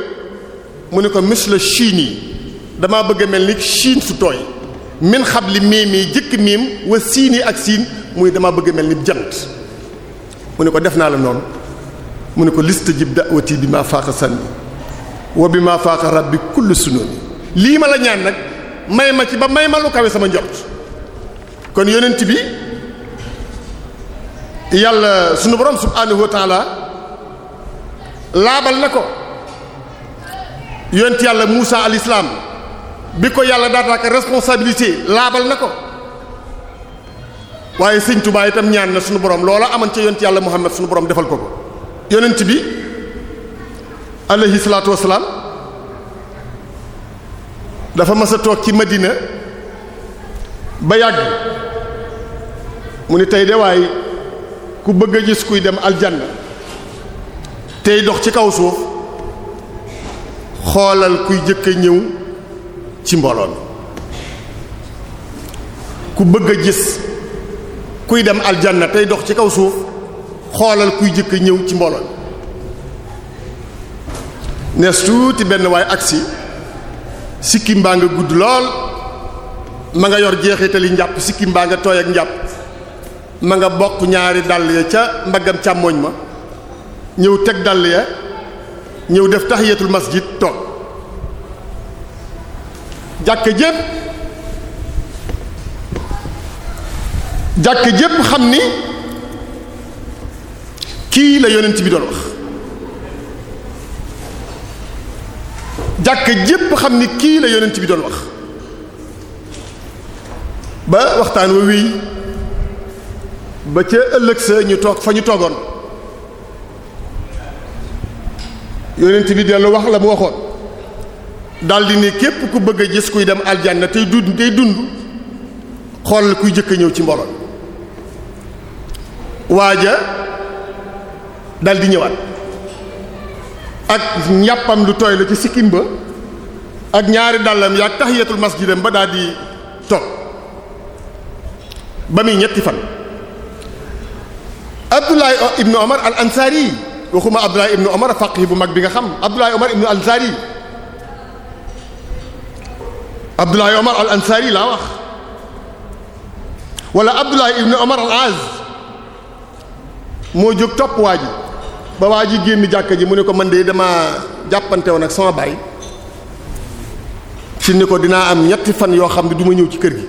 mu ne ko misla la yi damaa bëgg mel ni chiin su tooy min xabli miim yi jëkk miim wa siin ak siin muy dama bëgg mel ni jant mu ne ko def naa la noonu mu ne ko liste jib da'wati bi maa faaqa sanni wa bi maa faaqa rabbi kullu sununi lii ma la ñaan nag may ma ci ba may ma lu kawe sama njort kon yonent bi yàlla sunu borom subhaanahu wa laabal na ko yonent yàlla Muusa al bi ko yàlla daataaka responsabilité laabal na ko waaye sëñ Tuubaa itam ñaan na suñu borom loola amoon ca yonent yàlla Muhammad suñu borom defal ko ko yonent bi alayhi dafa mas toog ci maddina ba yàgg mu ni tey de waaye ku bëgg a gis kuy dem aljanna tey dox ci kaw suuf xoolal kuy jëkk a ñëw ci mbooloo ku bëgg a gis kuy dem aljanna tey dox ci kaw suuf xoolal kuy jëkk ñëw ci mbooloo nees tuuti benn waay agsi sikkim baa nga gudd lool ma nga yor jeexitali njàpp sikkimbaa nga tooy ak njàpp ma nga bokk ñaari dàll ya ca mbaggam càmmooñ ma ñëw teg dàll ya ñëw def tahiyatul masjid toog jàkk jépp jàkk jépp xam ni kii la yonent bi doon wax jàkk jépp xam ni kii la yonent bi doon wax ba waxtaan wa wii ba ca ëllëg sa ñu toog fa ñu toogoon yonent bi dellu wax la mu waxoon daldi ni képp ku bëgg a gis kuy dem aljanna tey dund tey dund xoolal kuy jëkk ñëw ci mbooloo waa ja dal di ñëwaat ak njàppam lu tooy la ci sikkim ba ak ñaari dàllam yaag tahiyatul masjidam ba daal di toog ba muy ñetti fan Abdullah ibnu Omar al ansari waxuma Abdullah ibnu Omar faqih bu mag bi nga xam Abdullah Omar ibnu ansari Abdullah Omar al ansari laa wax wala Abdullah ibnu Omar al az moo jóg topp waa ji ba waa ji génn jàkka ji mu ne ko man de damaa jàppante woon ak sama baay ci ni ko dinaa am ñetti fan yoo xam ne duma ñëw ci kër gi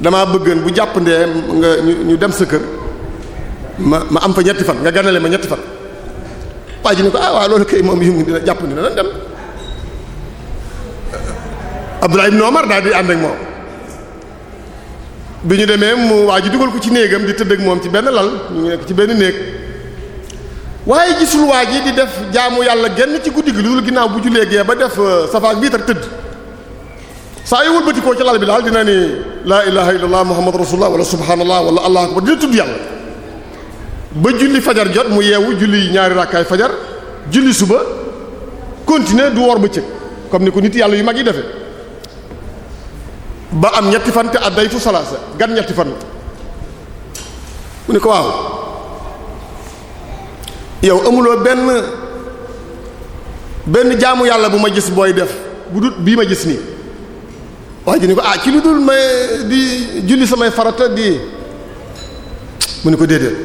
damaa bëggan bu jàppandee nga ñu dem sa kër ma ma am fa ñetti fan nga ganale ma ñetti fan waa ji ni ko ah waaw loolu kay moom yëngu dina jàppandi dana dem Abdullah ibn Omar daal di ànd moom. bi ñu demee mu waa ji dugal ko ci néegam di tëdd ak moom ci benn lal ñu nekk ci benn néeg waaye gisul waa ji di def jaamu yàlla genn ci guddi gi lu dul ginnaaw bu jullee gee ba def euh, safa bii wiitar tëdd saa yu wëlbati koo ci lal bi daal dina ni laa ilaha illallah muhammad rasulullah wala subhanallah wala allah akbar dina tudd yàlla ba julli fajar jot mu yeewu julli ñaari rakkaay fajar julli suba continuer du wor bëccëg comme ni ko nit yàlla yu mag yi defee ba am ñetti fan te adday fu salaasa gan ñetti fan mu ne ko waaw yow amuloo benn benn jaamu yàlla bu ma gis booy def bu dut bii ma gis nii waa ji ni ko ah ci lu dul may di julli samay farata di mu ne ko déedéet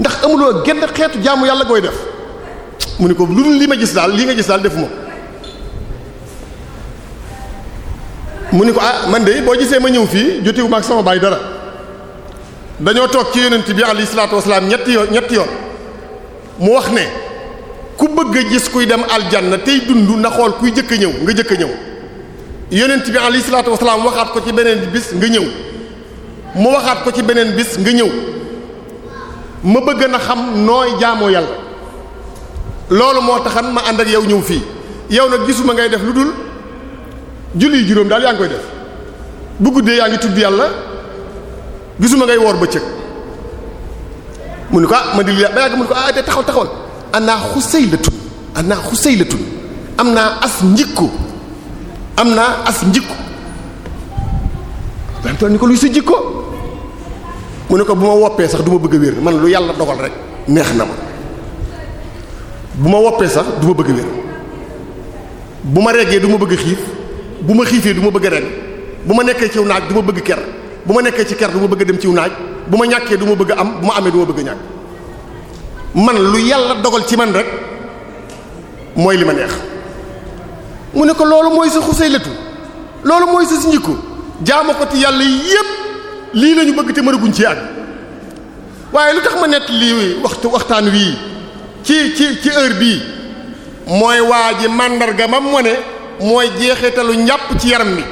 ndax amuloo genn xeetu jaamu yàlla booy def mu ne ko lu dul li ma gis daal lii nga gis daal defuma mu ni ko ah man de boo gisee ma ñëw fii jotiwu ak sama baay dara dañoo toog ci yonent bi alayhi salaatu wasalaam ñetti yoon mu wax ne ku bëgg a gis kuy dem aljanna tey dund na xool kuy jëkk a ñëw nga jëkk a ñëw yonent bi alayhi salaatu wasalaam waxaat ko ci beneen bis nga ñëw mu waxaat ko ci beneen bis nga ñëw ma bëgg na xam nooy jaamoo yàlla loolu moo taxan ma ànd ak yow ñëw fii yow nag gisuma ngay def lu dul julli juróom daal yaa ngi koy def bu guddee yaa ngi tudd yàlla gisuma ngay woor bëccëg mu ne ko ah ma di ba yàgg mu ne ko ah te taxawal taxawal anaa xusey la am naa as njikko am naa as njikko daan toll ni ko luy sa jikko mu ne ko bu ma woppee sax du ma bëgg a wér man lu yàlla dogal rek meex na ma bu ma woppee sax du ma bëgg wér bu ma reggee du ma bëgg xiif bu ma xiifee du ma bëgg ren bu ma nekkee ciw naaj du ma bëgg ker bu ma nekkee ci ker du ma bëgg dem ciw naaj bu ma ñàkkee du ma bëgg am bu ma amee du ma bëgg ñàkk man lu yàlla dogal ci man rek mooy li ma neex mu ne ko loolu mooy sa xuseylatu loolu mooy sa si njikko jaamakoti yàlla yépp lii lañu bëgg te mënaguñ ci àgg waaye lu tax ma nett lii waxtu waxtaan wii ci ci ci bii mooy waa ji màndarga ma moo ne mooy jeexitalu ñàpp ci yaram mi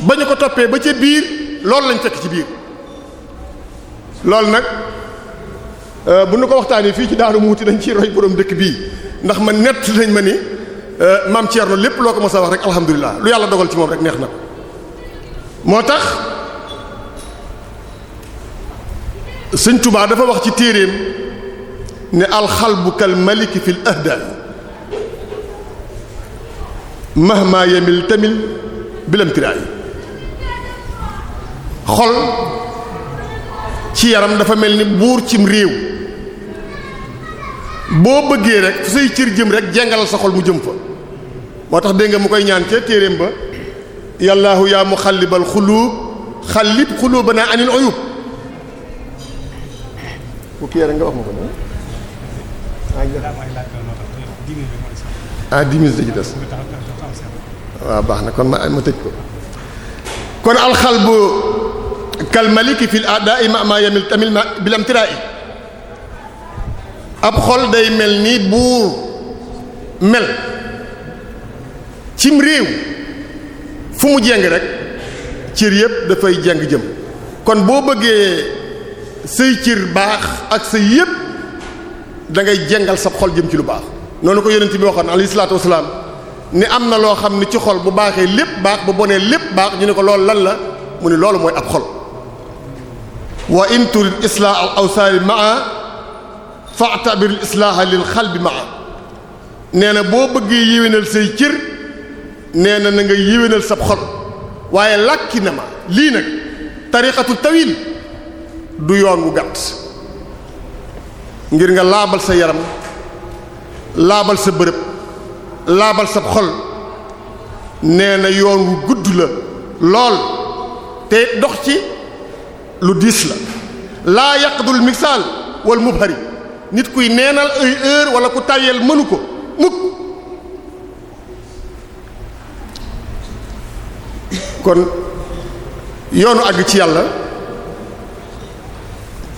ba ñu ko toppee ba ca biir loolu lañ fekk ci biir loolu nag euh, bu nu ko waxtaanee fii ci Daaru Muuti dañ ciy roy borom dëkk bii ndax man nett lañ ma ni euh, maam Thierno lépp loo ko mos a wax rek alhamdulilah lu yàlla dogal ci moom rek neex na moo tax Sëñ Tuubaa dafa wax ci téereem ne alxalbu kal maliki fil ahdaal mahma yemil tamil bilam tiraay xol ci yaram dafa mel ni buur cim réew boo bëggee rek fu say cër jëm rek jengalal sa xol mu jëm fa moo tax dégg mu koy ñaan cee téeréem ba yàllaahu yaa mu xallibal xuluub xallib xuluubanaa anil uyub waa baax na kon ma ma tëj ko kon alxalbu kal maliki fil adaa ma ma yamil tamil ma am tiraa ab xol day mel nii buur mel cim réew fu mu jeng rek cër yépp dafay jeng jëm kon boo bëggee say cër baax ak sa yépp dangay ngay jengal sa xol jëm ci lu baax noonu ko yonent bi waxoon alayhi salaatu wasalaam ni am na loo xam ni ci xol bu baaxee lépp baax bu bonee lépp baax ñu ne ko loolu lan la mu ne loolu mooy ab xol wa in turid islaaha al a maa fa'tabir islaaha lil xalbi maa nee na boo bëggee yéwénal say cër nee na na nga yéwénal sab xol waaye làkki na ma lii nag tariqatu tawil du yoon wu gàtt ngir nga laabal sa yaram laabal sa bërëb laabal sab xol nee na yoon wu gudd la lool te dox ci lu diis la laa yaqdul misaal wal mubhari nit kuy neenal ay heure wala ku tàyyeel mënu ko mukk kon yoonu àgg ci yàlla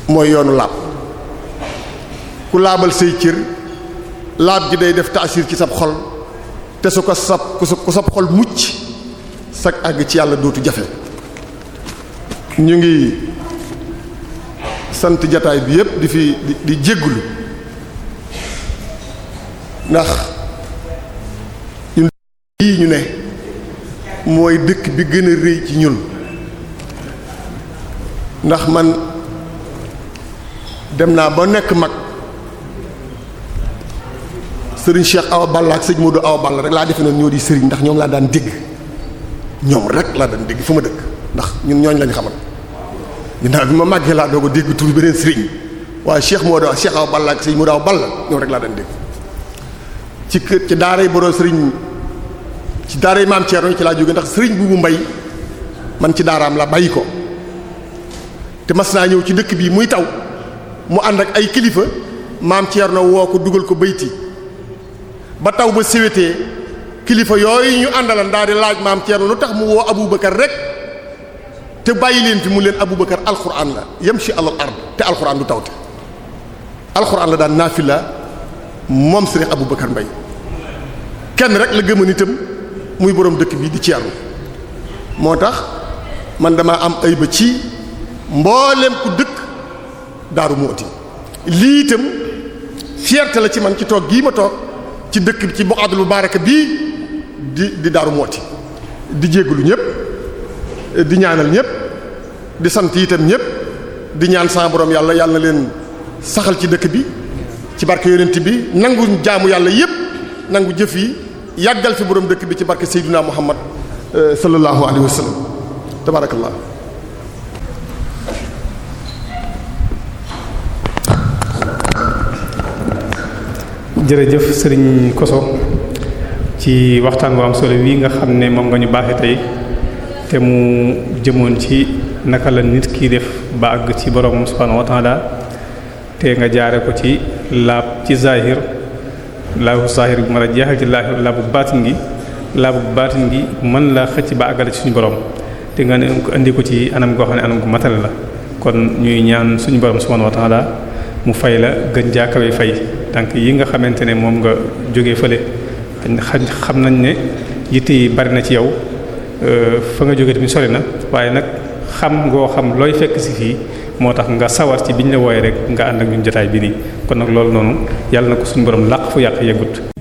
mooy yoonu laab ku laabal say cër laab gi day def taasir ci sab xol te su ko sab ku sab xol mucc sag àgg ci yàlla dootu jafe ñu ngi sant jataay bi yépp di fi di jéggulu ndax ñun ñu ne mooy dëkk bi gën a rëy ci ñun ndax man dem naa ba nekk mag sëriñ Cheikh aw Balla ak moo Modou Awa Balla rek laa defe noonu ñoo di sëriñ ndax ñoom laa daan dégg ñoom rek laa daan dégg fu ma dëkk ndax ñun ñooñ lañu xamal ginnaaw bi ma màggee laa doog a dégg tur beneen sëriñ waaye Cheikh Modou Cheikh Awa Balla ak sëñ Modou Awa Balla ñoom rek laa daan dégg ci kër ci daaray borom sëriñ ci daaray maam Thierno ci laa jóge ndax sëriñ bu mbay man ci daaraam la bàyyi ko te mas naa ñëw ci dëkk bii muy taw mu ànd ak kilifa maam Thierno woo ko dugal ko bayti ba taw ba siwetee kilifa yooyu ñu àndalan daal di laaj maam Thierno lu tax mu woo Aboubacar rek te bàyyi leen fi mu leen Aboubacar alxuraan la yamshi alal ard te alxuraan du tawte alxuraan la daan naafila moom Serigne Aboubacar Mbaye kenn rek la gëman itam muy boroom dëkk bi di Thierno moo tax man dama am ay ba ci mbooleem ku dëkk Daaru Muxti lii itam fierté la ci man ci toog gii ma toog. ci dëkk bi ci boqaadul mubaaraka bii di di daaru mooti di jéggulu ñépp di ñaanal ñépp di sant yitam ñépp di ñaan sa borom yàlla yàlla na leen saxal ci dëkk bi ci barke yonent bi nangu jaamu yàlla yépp nangu jëf yi yàggal fi boroom dëkk bi ci barke Seydina Muhammad euh, sallallahu alayhi wa sallam jërëjëf sëriñ Koso ci waxtaan bu am solo wi nga xam ne moom nga ñu baaxee tey te mu jëmoon ci naka la nit kiy def ba àgg ci boroomam subhaanahu wa ta'ala te nga jaare ko ci laab ci zahir laabu zahir bi mën a jeexal ci laabu baatin gi laabu baatin gi mën la xëcc ba àggale ci suñu borom te nga ne ko indi ko ci anam goo xam ne anam ko matale la kon ñuy ñaan suñu borom subhaanahu wa ta'ala mu fay la gën jaakawe fay tànk yi nga xamante ne moom nga jóge jógee fële xam nañ ne yitte yi bari na ci yow euh, fa nga jógee tamit sore na waaye nag xam ngoo xam looy fekk si fii moo tax nga sawar ci bi biñ la wooyee rek nga ànd ak ñun jotaay bi nii kon nag loolu noonu yàlla na ko suñu borom làq fu yàq yeggut